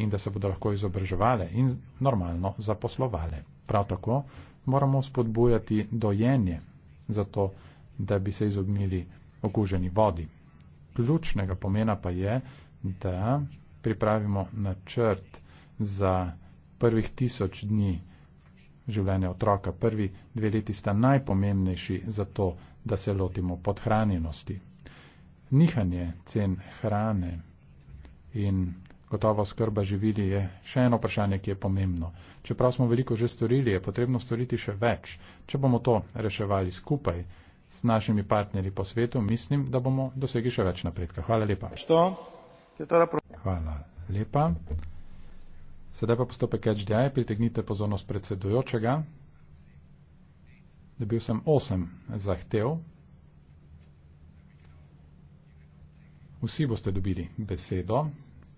in da se bodo lahko izobraževale in normalno zaposlovale. Prav tako moramo spodbujati dojenje za to, da bi se izognili okuženi vodi. Ključnega pomena pa je, da pripravimo načrt za prvih tisoč dni življenja otroka. Prvi dve leti sta najpomembnejši za to, da se lotimo podhranjenosti. Nihanje cen hrane in gotovo skrba živili je še eno vprašanje, ki je pomembno. Čeprav smo veliko že storili, je potrebno storiti še več. Če bomo to reševali skupaj s našimi partnerji po svetu, mislim, da bomo dosegli še več napredka. Hvala lepa. Hvala lepa. Sedaj pa postopek HDI, pritegnite pozornost predsedujočega. Dobil sem 8 zahtev. Vsi boste dobili besedo,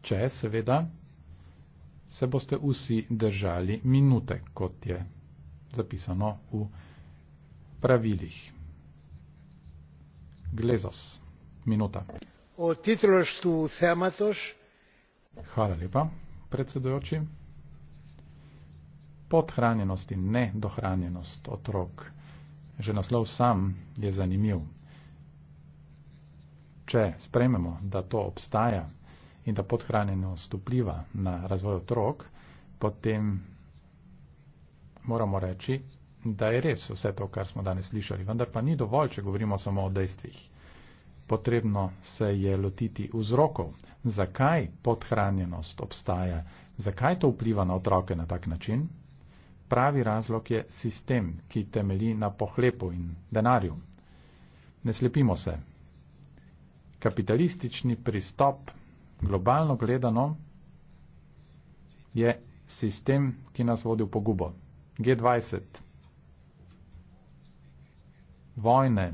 če seveda se boste vsi držali minute, kot je zapisano v pravilih. Glezos, minuta. O titulu Sematoš. Hvala lepa, predsedujoči. Podhranjenost in nedohranjenost otrok. Že naslov sam je zanimiv. Če sprememo, da to obstaja in da podhranjenost vpliva na razvoj otrok, potem moramo reči, da je res vse to, kar smo danes slišali. Vendar pa ni dovolj, če govorimo samo o dejstvih. Potrebno se je lotiti vzrokov, zakaj podhranjenost obstaja, zakaj to vpliva na otroke na tak način pravi razlog je sistem, ki temelji na pohlepu in denarju. Ne slepimo se. Kapitalistični pristop, globalno gledano, je sistem, ki nas vodi v pogubo. G20. Vojne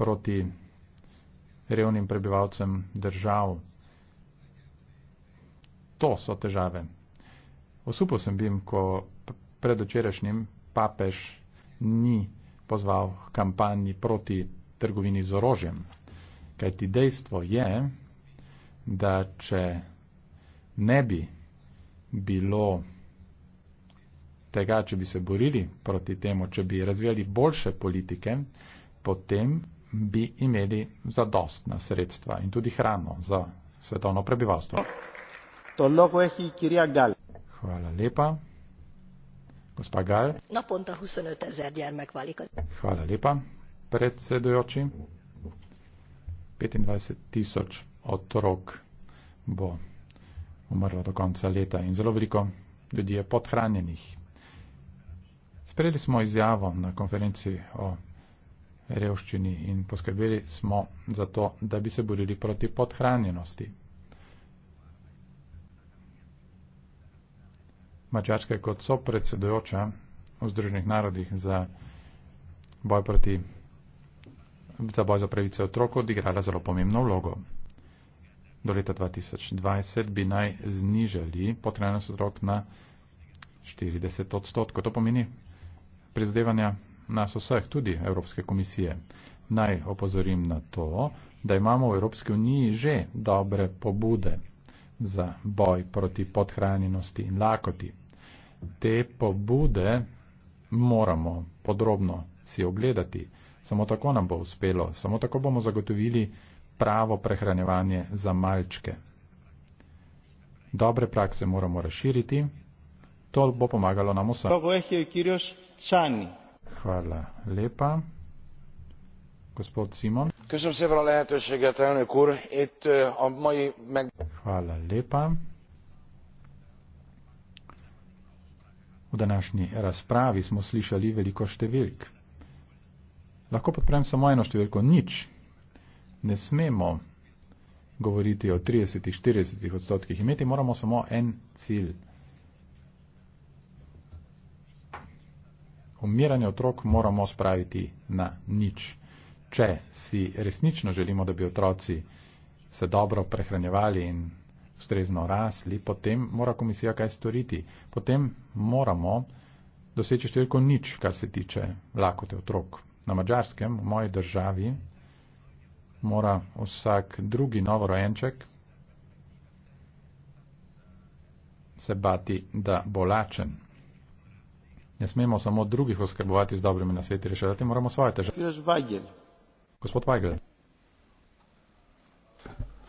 proti revnim prebivalcem držav. To so težave. Osupo sem bil, ko predočerajšnjem papež ni pozval k kampanji proti trgovini z orožjem. Kaj ti dejstvo je, da če ne bi bilo tega, če bi se borili proti temu, če bi razvijali boljše politike, potem bi imeli zadostna sredstva in tudi hrano za svetovno prebivalstvo. To lahko je, Kirija Gal. Hvala lepa. Gospa Gal. Naponta 25 ezer gyermek válik. Hvala lepa, predsedujoči. 25 tisoč otrok bo umrlo do konca leta in zelo veliko ljudi je podhranjenih. Sprejeli smo izjavo na konferenci o revščini in poskrbeli smo za to, da bi se borili proti podhranjenosti. Mačačka kot so predsedojoča v Združenih narodih za boj proti za boj za pravice otrok odigrala zelo pomembno vlogo. Do leta 2020 bi naj znižali potrebnost otrok na 40 odstotkov. To pomeni prizadevanja nas vseh, tudi Evropske komisije. Naj opozorim na to, da imamo v Evropski uniji že dobre pobude za boj proti podhranjenosti in lakoti te pobude moramo podrobno si ogledati. Samo tako nam bo uspelo, samo tako bomo zagotovili pravo prehranjevanje za malčke. Dobre prakse moramo razširiti, to bo pomagalo nam vsem. Hvala lepa. Gospod Simon. Hvala lepa. V današnji razpravi smo slišali veliko številk. Lahko podprem samo eno številko. Nič. Ne smemo govoriti o 30-40 odstotkih. Imeti moramo samo en cilj. Umiranje otrok moramo spraviti na nič. Če si resnično želimo, da bi otroci se dobro prehranjevali in ustrezno rasli, potem mora komisija kaj storiti. Potem moramo doseči številko nič, kar se tiče lakote otrok. Na mačarskem, v moji državi, mora vsak drugi novorojenček se bati, da bo lačen. Ne smemo samo drugih oskrbovati z dobrimi nasveti, reševati moramo svoje težave. Gospod Vajgel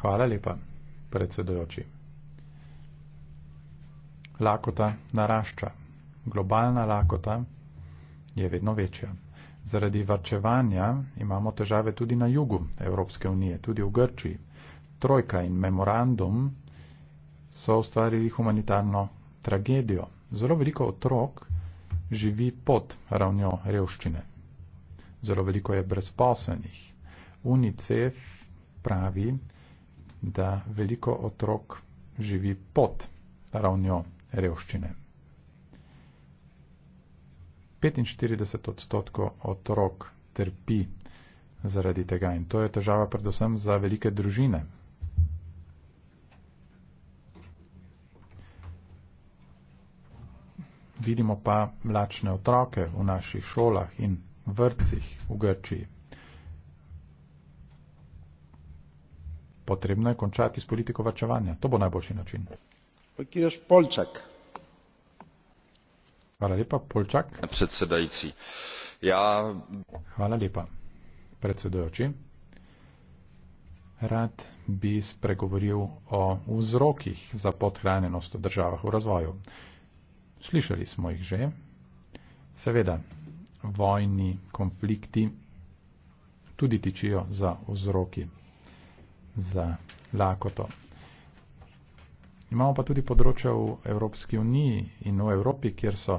Hvala lepa, predsedujoči. Lakota narašča. Globalna lakota je vedno večja. Zaradi varčevanja imamo težave tudi na jugu Evropske unije, tudi v Grčiji. Trojka in memorandum so ustvarili humanitarno tragedijo. Zelo veliko otrok živi pod ravnjo revščine zelo veliko je brezposelnih. UNICEF pravi, da veliko otrok živi pod ravnjo revščine. 45 odstotkov otrok trpi zaradi tega in to je težava predvsem za velike družine. Vidimo pa mlačne otroke v naših šolah in vrtcih v Grčiji. Potrebno je končati s politiko vačevanja. To bo najboljši način. Polčak. Hvala lepa, Polčak. Predsedajci. Ja. Hvala lepa, predsedojoči. Rad bi spregovoril o vzrokih za podhranjenost v državah v razvoju. Slišali smo jih že. Seveda, vojni, konflikti tudi tičijo za vzroki, za lakoto. Imamo pa tudi področja v Evropski uniji in v Evropi, kjer so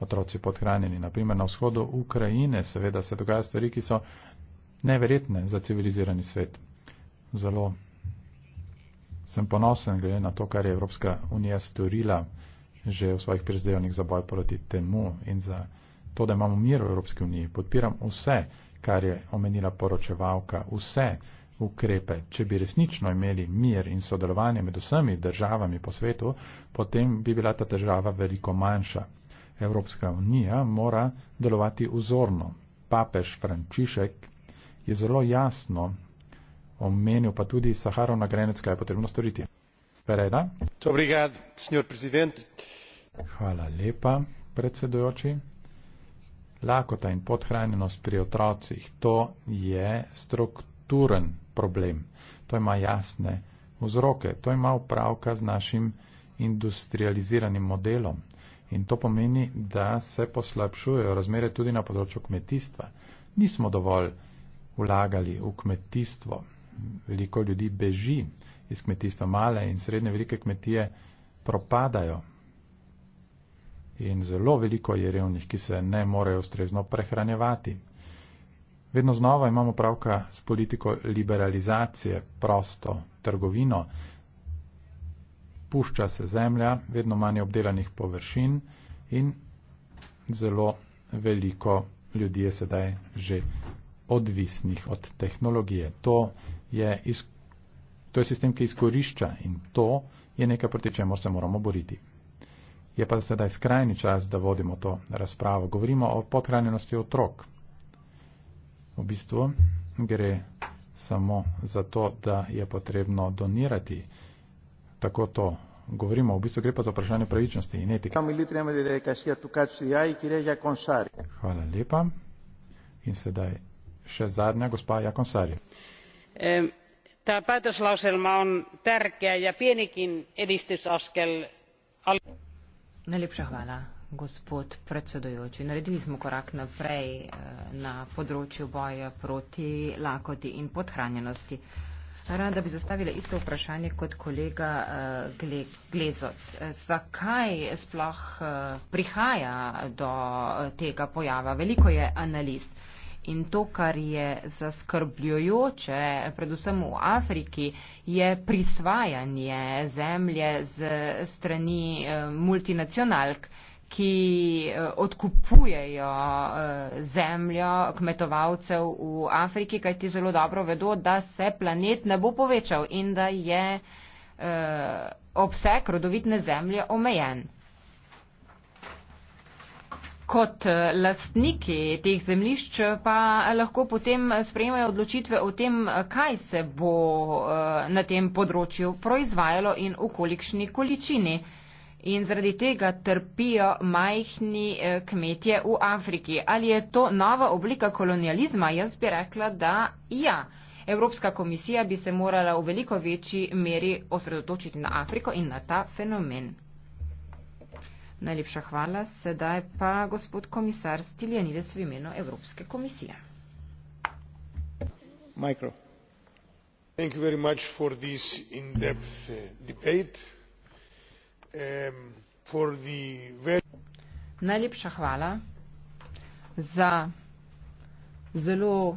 otroci podhranjeni. Naprimer na vzhodu Ukrajine seveda se dogaja stvari, ki so neverjetne za civilizirani svet. Zelo sem ponosen glede na to, kar je Evropska unija storila že v svojih prizdevnih za boj proti temu in za to, da imamo mir v Evropski uniji. Podpiram vse, kar je omenila poročevalka, vse ukrepe. Če bi resnično imeli mir in sodelovanje med vsemi državami po svetu, potem bi bila ta država veliko manjša. Evropska unija mora delovati vzorno. Papež Frančišek je zelo jasno omenil, pa tudi Saharov nagrajenec, kaj je potrebno storiti. Pereda. Dobrigad, Hvala lepa, predsedujoči lakota in podhranjenost pri otrocih, to je strukturen problem. To ima jasne vzroke. To ima upravka z našim industrializiranim modelom. In to pomeni, da se poslabšujejo razmere tudi na področju kmetijstva. Nismo dovolj vlagali v kmetijstvo. Veliko ljudi beži iz kmetijstva. Male in srednje velike kmetije propadajo, in zelo veliko je revnih, ki se ne morejo ustrezno prehranjevati. Vedno znova imamo pravka s politiko liberalizacije, prosto trgovino. Pušča se zemlja, vedno manj obdelanih površin in zelo veliko ljudi je sedaj že odvisnih od tehnologije. To je, to je sistem, ki izkorišča in to je nekaj, proti čemu se moramo boriti. Je pa sedaj skrajni čas, da vodimo to razpravo. Govorimo o podhranjenosti otrok. V bistvu gre samo za to, da je potrebno donirati. Tako to govorimo. V bistvu gre pa za vprašanje pravičnosti in etike. Ja ja Hvala lepa. In sedaj še zadnja gospa Jakonsari. Ta patoslausel on tärkeä ja pienikin edistysaskel Najlepša hvala, gospod predsedujoči. Naredili smo korak naprej eh, na področju boja proti lakoti in podhranjenosti. Rada bi zastavila isto vprašanje kot kolega eh, Glezos. Zakaj sploh eh, prihaja do tega pojava? Veliko je analiz. In to, kar je zaskrbljujoče, predvsem v Afriki, je prisvajanje zemlje z strani eh, multinacionalk, ki eh, odkupujejo eh, zemljo kmetovalcev v Afriki, kajti zelo dobro vedo, da se planet ne bo povečal in da je obseg rodovitne zemlje omejen kot eh, lastniki teh zemljišč pa lahko potem sprejmejo odločitve o tem, kaj se bo eh, na tem področju proizvajalo in v kolikšni količini. In zaradi tega trpijo majhni eh, kmetje v Afriki. Ali je to nova oblika kolonializma? Jaz bi rekla, da ja. Evropska komisija bi se morala v veliko večji meri osredotočiti na Afriko in na ta fenomen. Najlepša hvala. Sedaj pa gospod komisar Stiljanides v imenu Evropske komisije. Mikro. Thank you very much for this in-depth uh, debate. Um, for the very... Najlepša hvala za zelo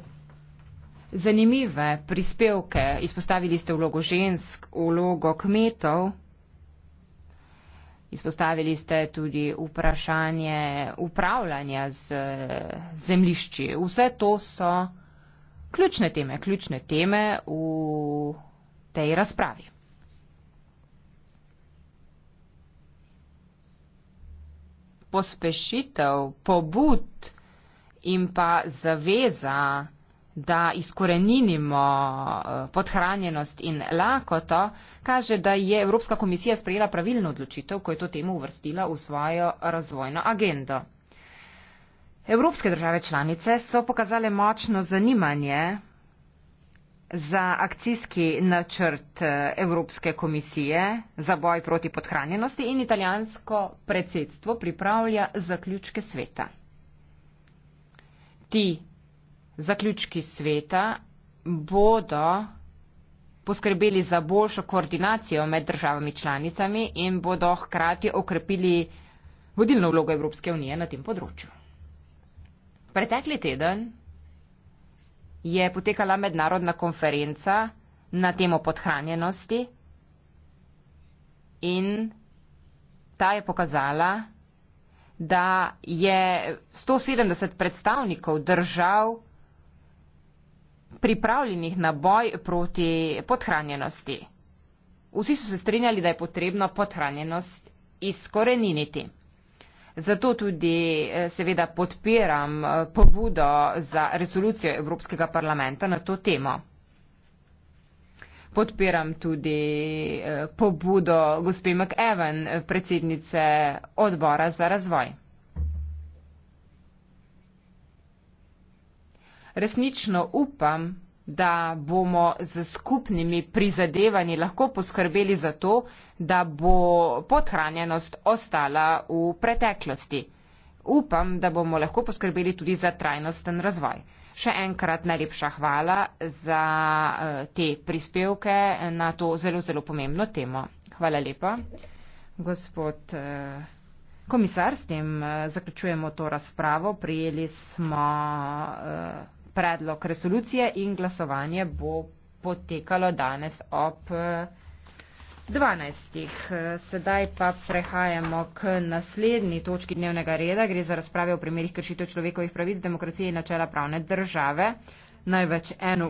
zanimive prispevke. Izpostavili ste vlogo žensk, vlogo kmetov. Izpostavili ste tudi vprašanje upravljanja z eh, zemlišči. Vse to so ključne teme, ključne teme v tej razpravi. Pospešitev, pobud in pa zaveza da izkorenimo eh, podhranjenost in lakoto, kaže, da je Evropska komisija sprejela pravilno odločitev, ko je to temu uvrstila v svojo razvojno agendo. Evropske države članice so pokazale močno zanimanje za akcijski načrt eh, Evropske komisije za boj proti podhranjenosti in italijansko predsedstvo pripravlja zaključke sveta. Ti zaključki sveta bodo poskrbeli za boljšo koordinacijo med državami članicami in bodo hkrati okrepili vodilno vlogo Evropske unije na tem področju. Pretekli teden je potekala mednarodna konferenca na temo podhranjenosti in ta je pokazala, da je 170 predstavnikov držav pripravljenih na boj proti podhranjenosti. Vsi so se strinjali, da je potrebno podhranjenost izkoreniniti. Zato tudi eh, seveda podpiram eh, pobudo za resolucijo Evropskega parlamenta na to temo. Podpiram tudi eh, pobudo gospe McEwen, predsednice odbora za razvoj. Resnično upam, da bomo z skupnimi prizadevanji lahko poskrbeli za to, da bo podhranjenost ostala v preteklosti. Upam, da bomo lahko poskrbeli tudi za trajnosten razvoj. Še enkrat najlepša hvala za eh, te prispevke na to zelo, zelo pomembno temo. Hvala lepa. Gospod eh, komisar, s tem eh, zaključujemo to razpravo. Prijeli smo predlog resolucije in glasovanje bo potekalo danes ob 12. Eh, eh, sedaj pa prehajamo k naslednji točki dnevnega reda. Gre za razprave o primerih kršitev človekovih pravic, demokracije in načela pravne države. Največ eno.